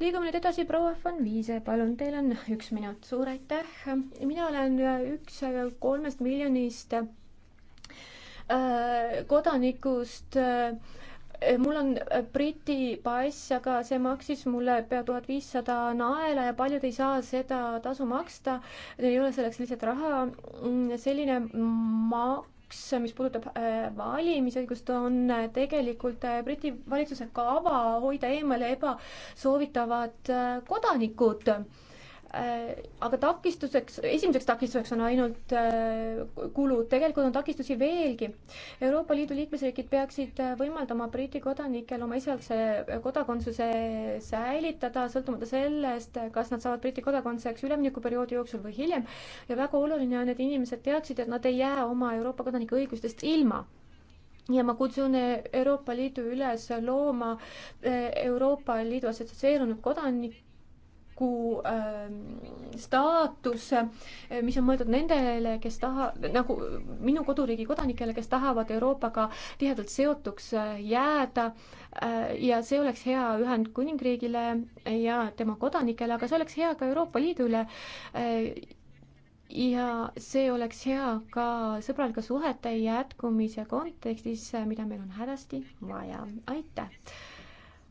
liigume nüüd edasi, proua von Viise, palun, teil on üks minut, suur aitäh. mina olen äh, üks kolmest miljonist kodanikust äh, Eh, mul on eh, Briti pass, aga see maksis mulle pea tuhat viissada naela ja paljud ei saa seda tasu maksta. Neil ei ole selleks lihtsalt raha. Mm, selline maks, mis puudutab eh, valimisõigust, on tegelikult Briti valitsuse kava hoida eemale ebasoovitavad kodanikud Äh, aga takistuseks, esimeseks takistuseks on ainult äh, kulud, tegelikult on takistusi veelgi. Euroopa Liidu liikmesriigid peaksid äh, võimaldama Briti kodanikel oma esialgse kodakondsuse säilitada, sõltumata sellest, kas nad saavad Briti kodakondseks üleminekuperioodi jooksul või hiljem. ja väga oluline on, et inimesed teaksid, et nad ei jää oma Euroopa kodanike õigustest ilma ja ma kutsun Euroopa Liidu üles looma Euroopa Liidu assotsieerunud kodanik, nagu äh, staatus, mis on mõeldud nendele, kes taha, nagu minu koduriigi kodanikele, kes tahavad Euroopaga tihedalt seotuks äh, jääda äh, ja see oleks hea Ühendkuningriigile ja tema kodanikele, aga see oleks hea ka Euroopa Liidule äh, ja see oleks hea ka sõbralike suhete jätkumise kontekstis, äh, mida meil on hädasti vaja. aitäh!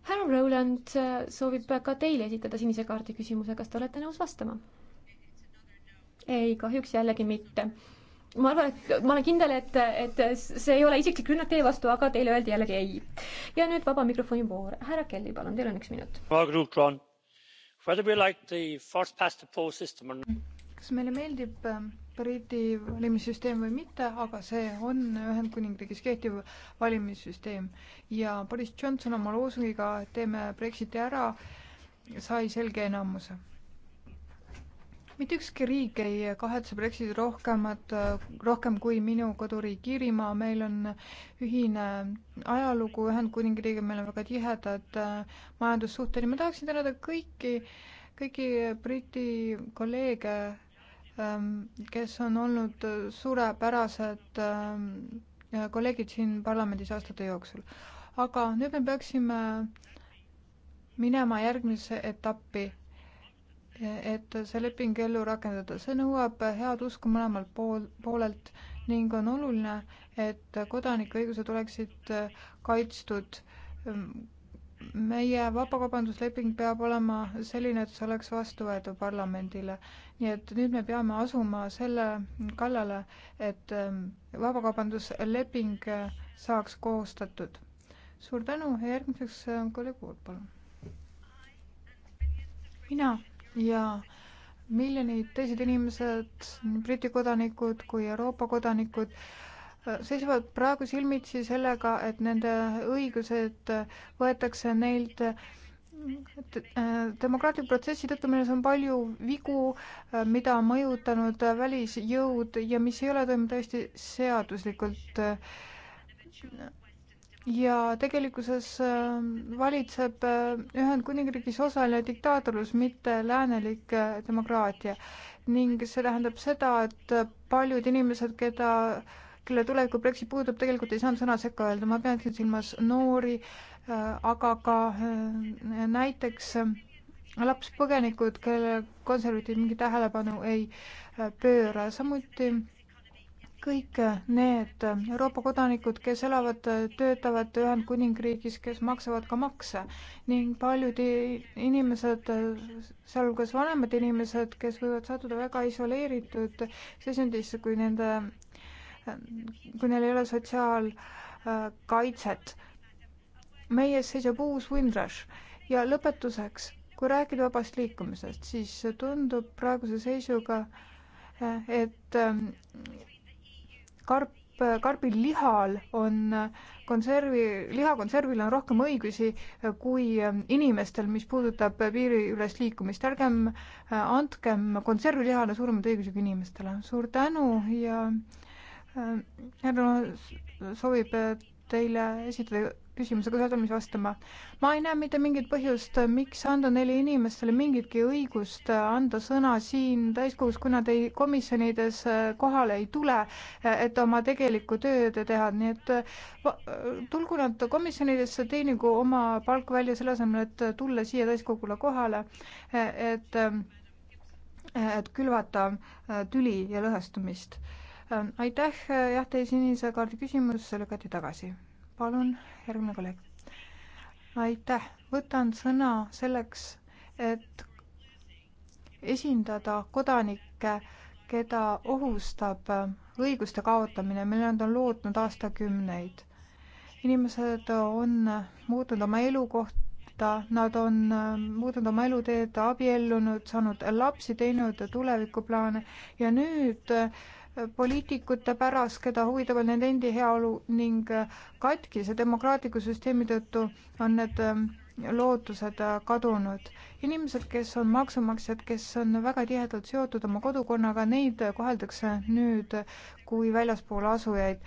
härra Rowland äh, soovib ka teile esitada sinise kaardi küsimuse, kas te olete nõus vastama? ei, kahjuks jällegi mitte. ma arvan, et ma olen kindel, et, et see ei ole isiklik rünnak teie vastu, aga teile öeldi jällegi ei. ja nüüd vaba mikrofoni voor. härra Kelly, palun, teil on üks minut. kas meile meeldib ähm, Briti valimissüsteem või mitte, aga see on Ühendkuningriigis kehtiv valimissüsteem. ja Boris Johnson oma loosungiga Teeme Brexiti ära sai selge enamuse. mitte ükski riik ei kahetse Brexiti rohkemat, rohkem kui minu koduriik Iirimaa, meil on ühine ajalugu Ühendkuningriigiga, meil on väga tihedad äh, majandussuhted ja ma tahaksin tänada kõiki, kõiki Briti kolleege Ähm, kes on olnud äh, suurepärased ähm, äh, kolleegid siin parlamendis aastate jooksul. aga nüüd me peaksime minema järgmisse etappi, et see leping ellu rakendada. see nõuab head usku mõlemalt pool, poolelt ning on oluline, et kodanike õigused oleksid äh, kaitstud ähm, meie vabakaubandusleping peab olema selline, et see oleks vastuvõetav parlamendile. nii et nüüd me peame asuma selle kallale, et ähm, vabakaubandusleping äh, saaks koostatud. suur tänu ja järgmiseks äh, kolleeg Uur, palun. mina ja miljonid teised inimesed, nii Briti kodanikud kui Euroopa kodanikud seisavad praegu silmitsi sellega, et nende õigused võetakse neilt äh, demokraatliku protsessi tõttu milles on palju vigu, äh, mida on mõjutanud välisjõud ja mis ei ole toimunud täiesti seaduslikult. ja tegelikkuses äh, valitseb Ühendkuningriigis osaline diktaatorlus, mitte läänelik demokraatia ning see tähendab seda, et paljud inimesed, keda kelle tuleviku Brexit puudub, tegelikult ei saanud sõna sekka öelda, ma pean silmas noori, äh, aga ka äh, näiteks äh, lapspõgenikud, kellele konservatiiv mingit tähelepanu ei pööra, samuti kõik need Euroopa kodanikud, kes elavad, töötavad Ühendkuningriigis, kes maksavad ka makse ning paljud inimesed, sealhulgas vanemad inimesed, kes võivad sattuda väga isoleeritud seisundisse, kui nende kui neil ei ole sotsiaalkaitset. meie ees seisab uus Windrush ja lõpetuseks, kui rääkida vabast liikumisest, siis tundub praeguse seisuga, et ähm, karp, karbilihal on konservi, lihakonservil on rohkem õigusi kui ähm, inimestel, mis puudutab piiriülest liikumist. ärgem äh, andkem konservilihale suuremaid õigusi kui inimestele. suur tänu ja äh, Äh, härra soovib äh, teile esitada küsimuse, kas olete valmis vastama? ma ei näe mitte mingit põhjust, äh, miks anda neile inimestele mingitki õigust anda sõna siin täiskogus, kui nad ei, komisjonides kohale ei tule, et oma tegelikku tööd teha, nii et tulgu nad komisjonidesse, teenigu oma palk välja selle asemel, et tulla siia täiskogule kohale, et et külvata tüli ja lõhestumist Äh, aitäh, äh, jah, teie sinise kaardi küsimus lükati tagasi. palun, järgmine kolleeg. aitäh, võtan sõna selleks, et esindada kodanikke, keda ohustab äh, õiguste kaotamine, mille nad on lootnud aastakümneid. inimesed on muutnud oma elukohta, nad on muutnud oma eluteed, abiellunud, saanud lapsi, teinud tulevikuplaane ja nüüd äh, poliitikute pärast, keda huvitavad nende endi heaolu ning katkise demokraatliku süsteemi tõttu on need ähm, lootused äh, kadunud. inimesed, kes on maksumaksjad, kes on väga tihedalt seotud oma kodukonnaga, neid koheldakse nüüd kui väljaspool asujaid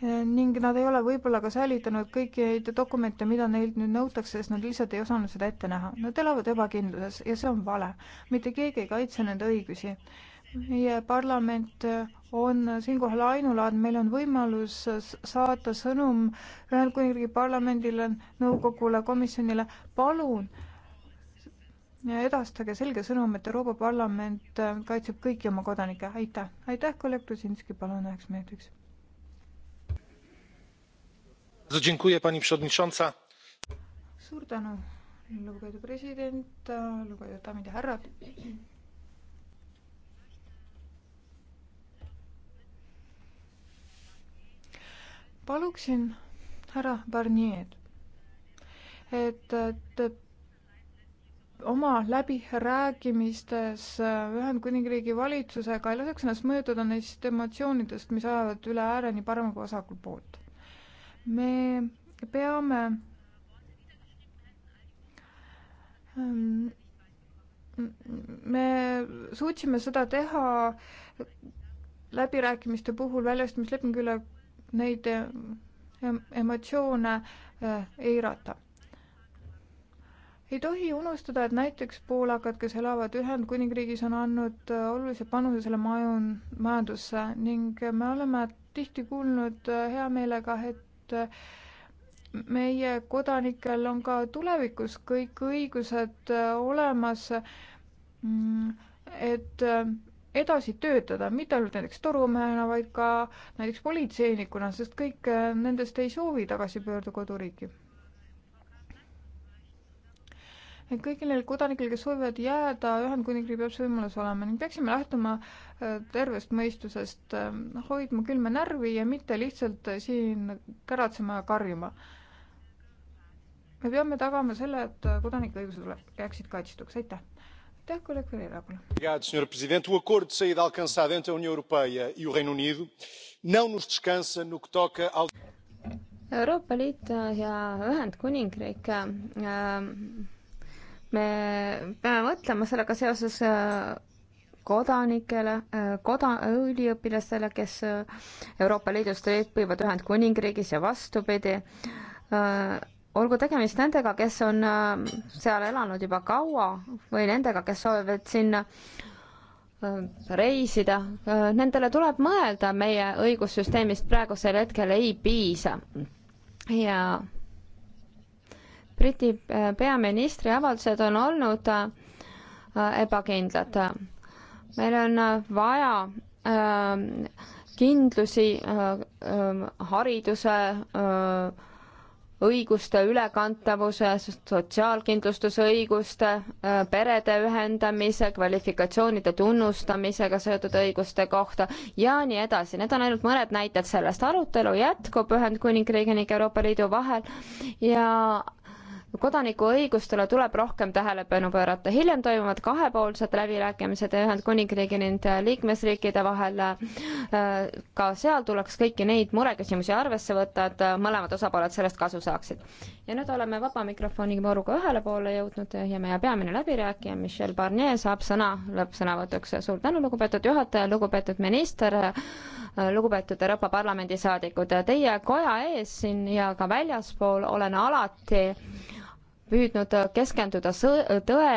ning nad ei ole võib-olla ka säilitanud kõiki neid dokumente, mida neilt nüüd nõutakse, sest nad lihtsalt ei osanud seda ette näha. Nad elavad ebakindluses ja see on vale. mitte keegi ei kaitse nende õigusi. meie parlament on siinkohal ainulaadne, meil on võimalus saata sõnum Ühendkuningriigi parlamendile, nõukogule, komisjonile, palun ja edastage selge sõnum, et Euroopa Parlament kaitseb kõiki oma kodanikke, aitäh. aitäh, kolleeg Brzezinski, palun üheks minutiks suur tänu, lugupeetud president, lugupeetud daamid ja härrad. paluksin härra Barnier'd, et te oma läbirääkimistes Ühendkuningriigi valitsusega ei laseks ennast mõjutada neist emotsioonidest, mis ajavad üle ääre nii parema kui vasakul poolt me peame ähm, me suutsime seda teha läbirääkimiste puhul väljastamislepingu üle neid emotsioone äh, eirata. ei tohi unustada, et näiteks poolakad, kes elavad Ühendkuningriigis, on andnud äh, olulise panuse selle maju, majandusse ning me oleme tihti kuulnud äh, hea meelega, et et meie kodanikel on ka tulevikus kõik õigused äh, olemas, mm, et äh, edasi töötada, mitte ainult näiteks torumehena, vaid ka näiteks politseinikuna, sest kõik äh, nendest ei soovi tagasi pöörduda koduriiki kõigil kodanikel, kes soovivad jääda Ühendkuningriigi, peab see võimalus olema ning peaksime lähtuma äh, tervest mõistusest, äh, hoidma külma närvi ja mitte lihtsalt äh, siin käratsema ja karjuma. me peame tagama selle, et kodanike õigused jääksid kaitstuks, aitäh. aitäh, kolleeg Ferreira, palun. E Euroopa Liit ja Ühendkuningriik äh, me peame mõtlema sellega seoses äh, kodanikele, äh, koda, üliõpilastele, kes äh, Euroopa Liidust õpivad Ühendkuningriigis ja vastupidi, olgu tegemist nendega, kes on seal elanud juba kaua või nendega, kes soovivad sinna reisida, nendele tuleb mõelda, meie õigussüsteemist praegusel hetkel ei piisa. ja Briti äh, peaministri avaldused on olnud äh, ebakindlad. meil on äh, vaja ähm, kindlusi ähm, hariduse, õiguste ülekantavuse, sotsiaalkindlustuse õiguste, perede ühendamise, kvalifikatsioonide tunnustamisega seotud õiguste kohta ja nii edasi. Need on ainult mõned näited sellest. arutelu jätkub Ühendkuningriigi ning Euroopa Liidu vahel ja kodanikuõigustele tuleb rohkem tähelepanu pöörata. hiljem toimuvad kahepoolsed läbirääkimised Ühendkuningriigi ning liikmesriikide vahel. ka seal tuleks kõiki neid mureküsimusi arvesse võtta, et mõlemad osapooled sellest kasu saaksid. ja nüüd oleme vaba mikrofoni vooruga ühele poole jõudnud ja meie peamine läbirääkija Michel Barnier saab sõna lõppsõnavõtuks. suur tänu, lugupeetud juhataja, lugupeetud minister, lugupeetud Euroopa Parlamendi saadikud, teie koja ees siin ja ka väljaspool olen alati püüdnud keskenduda tõele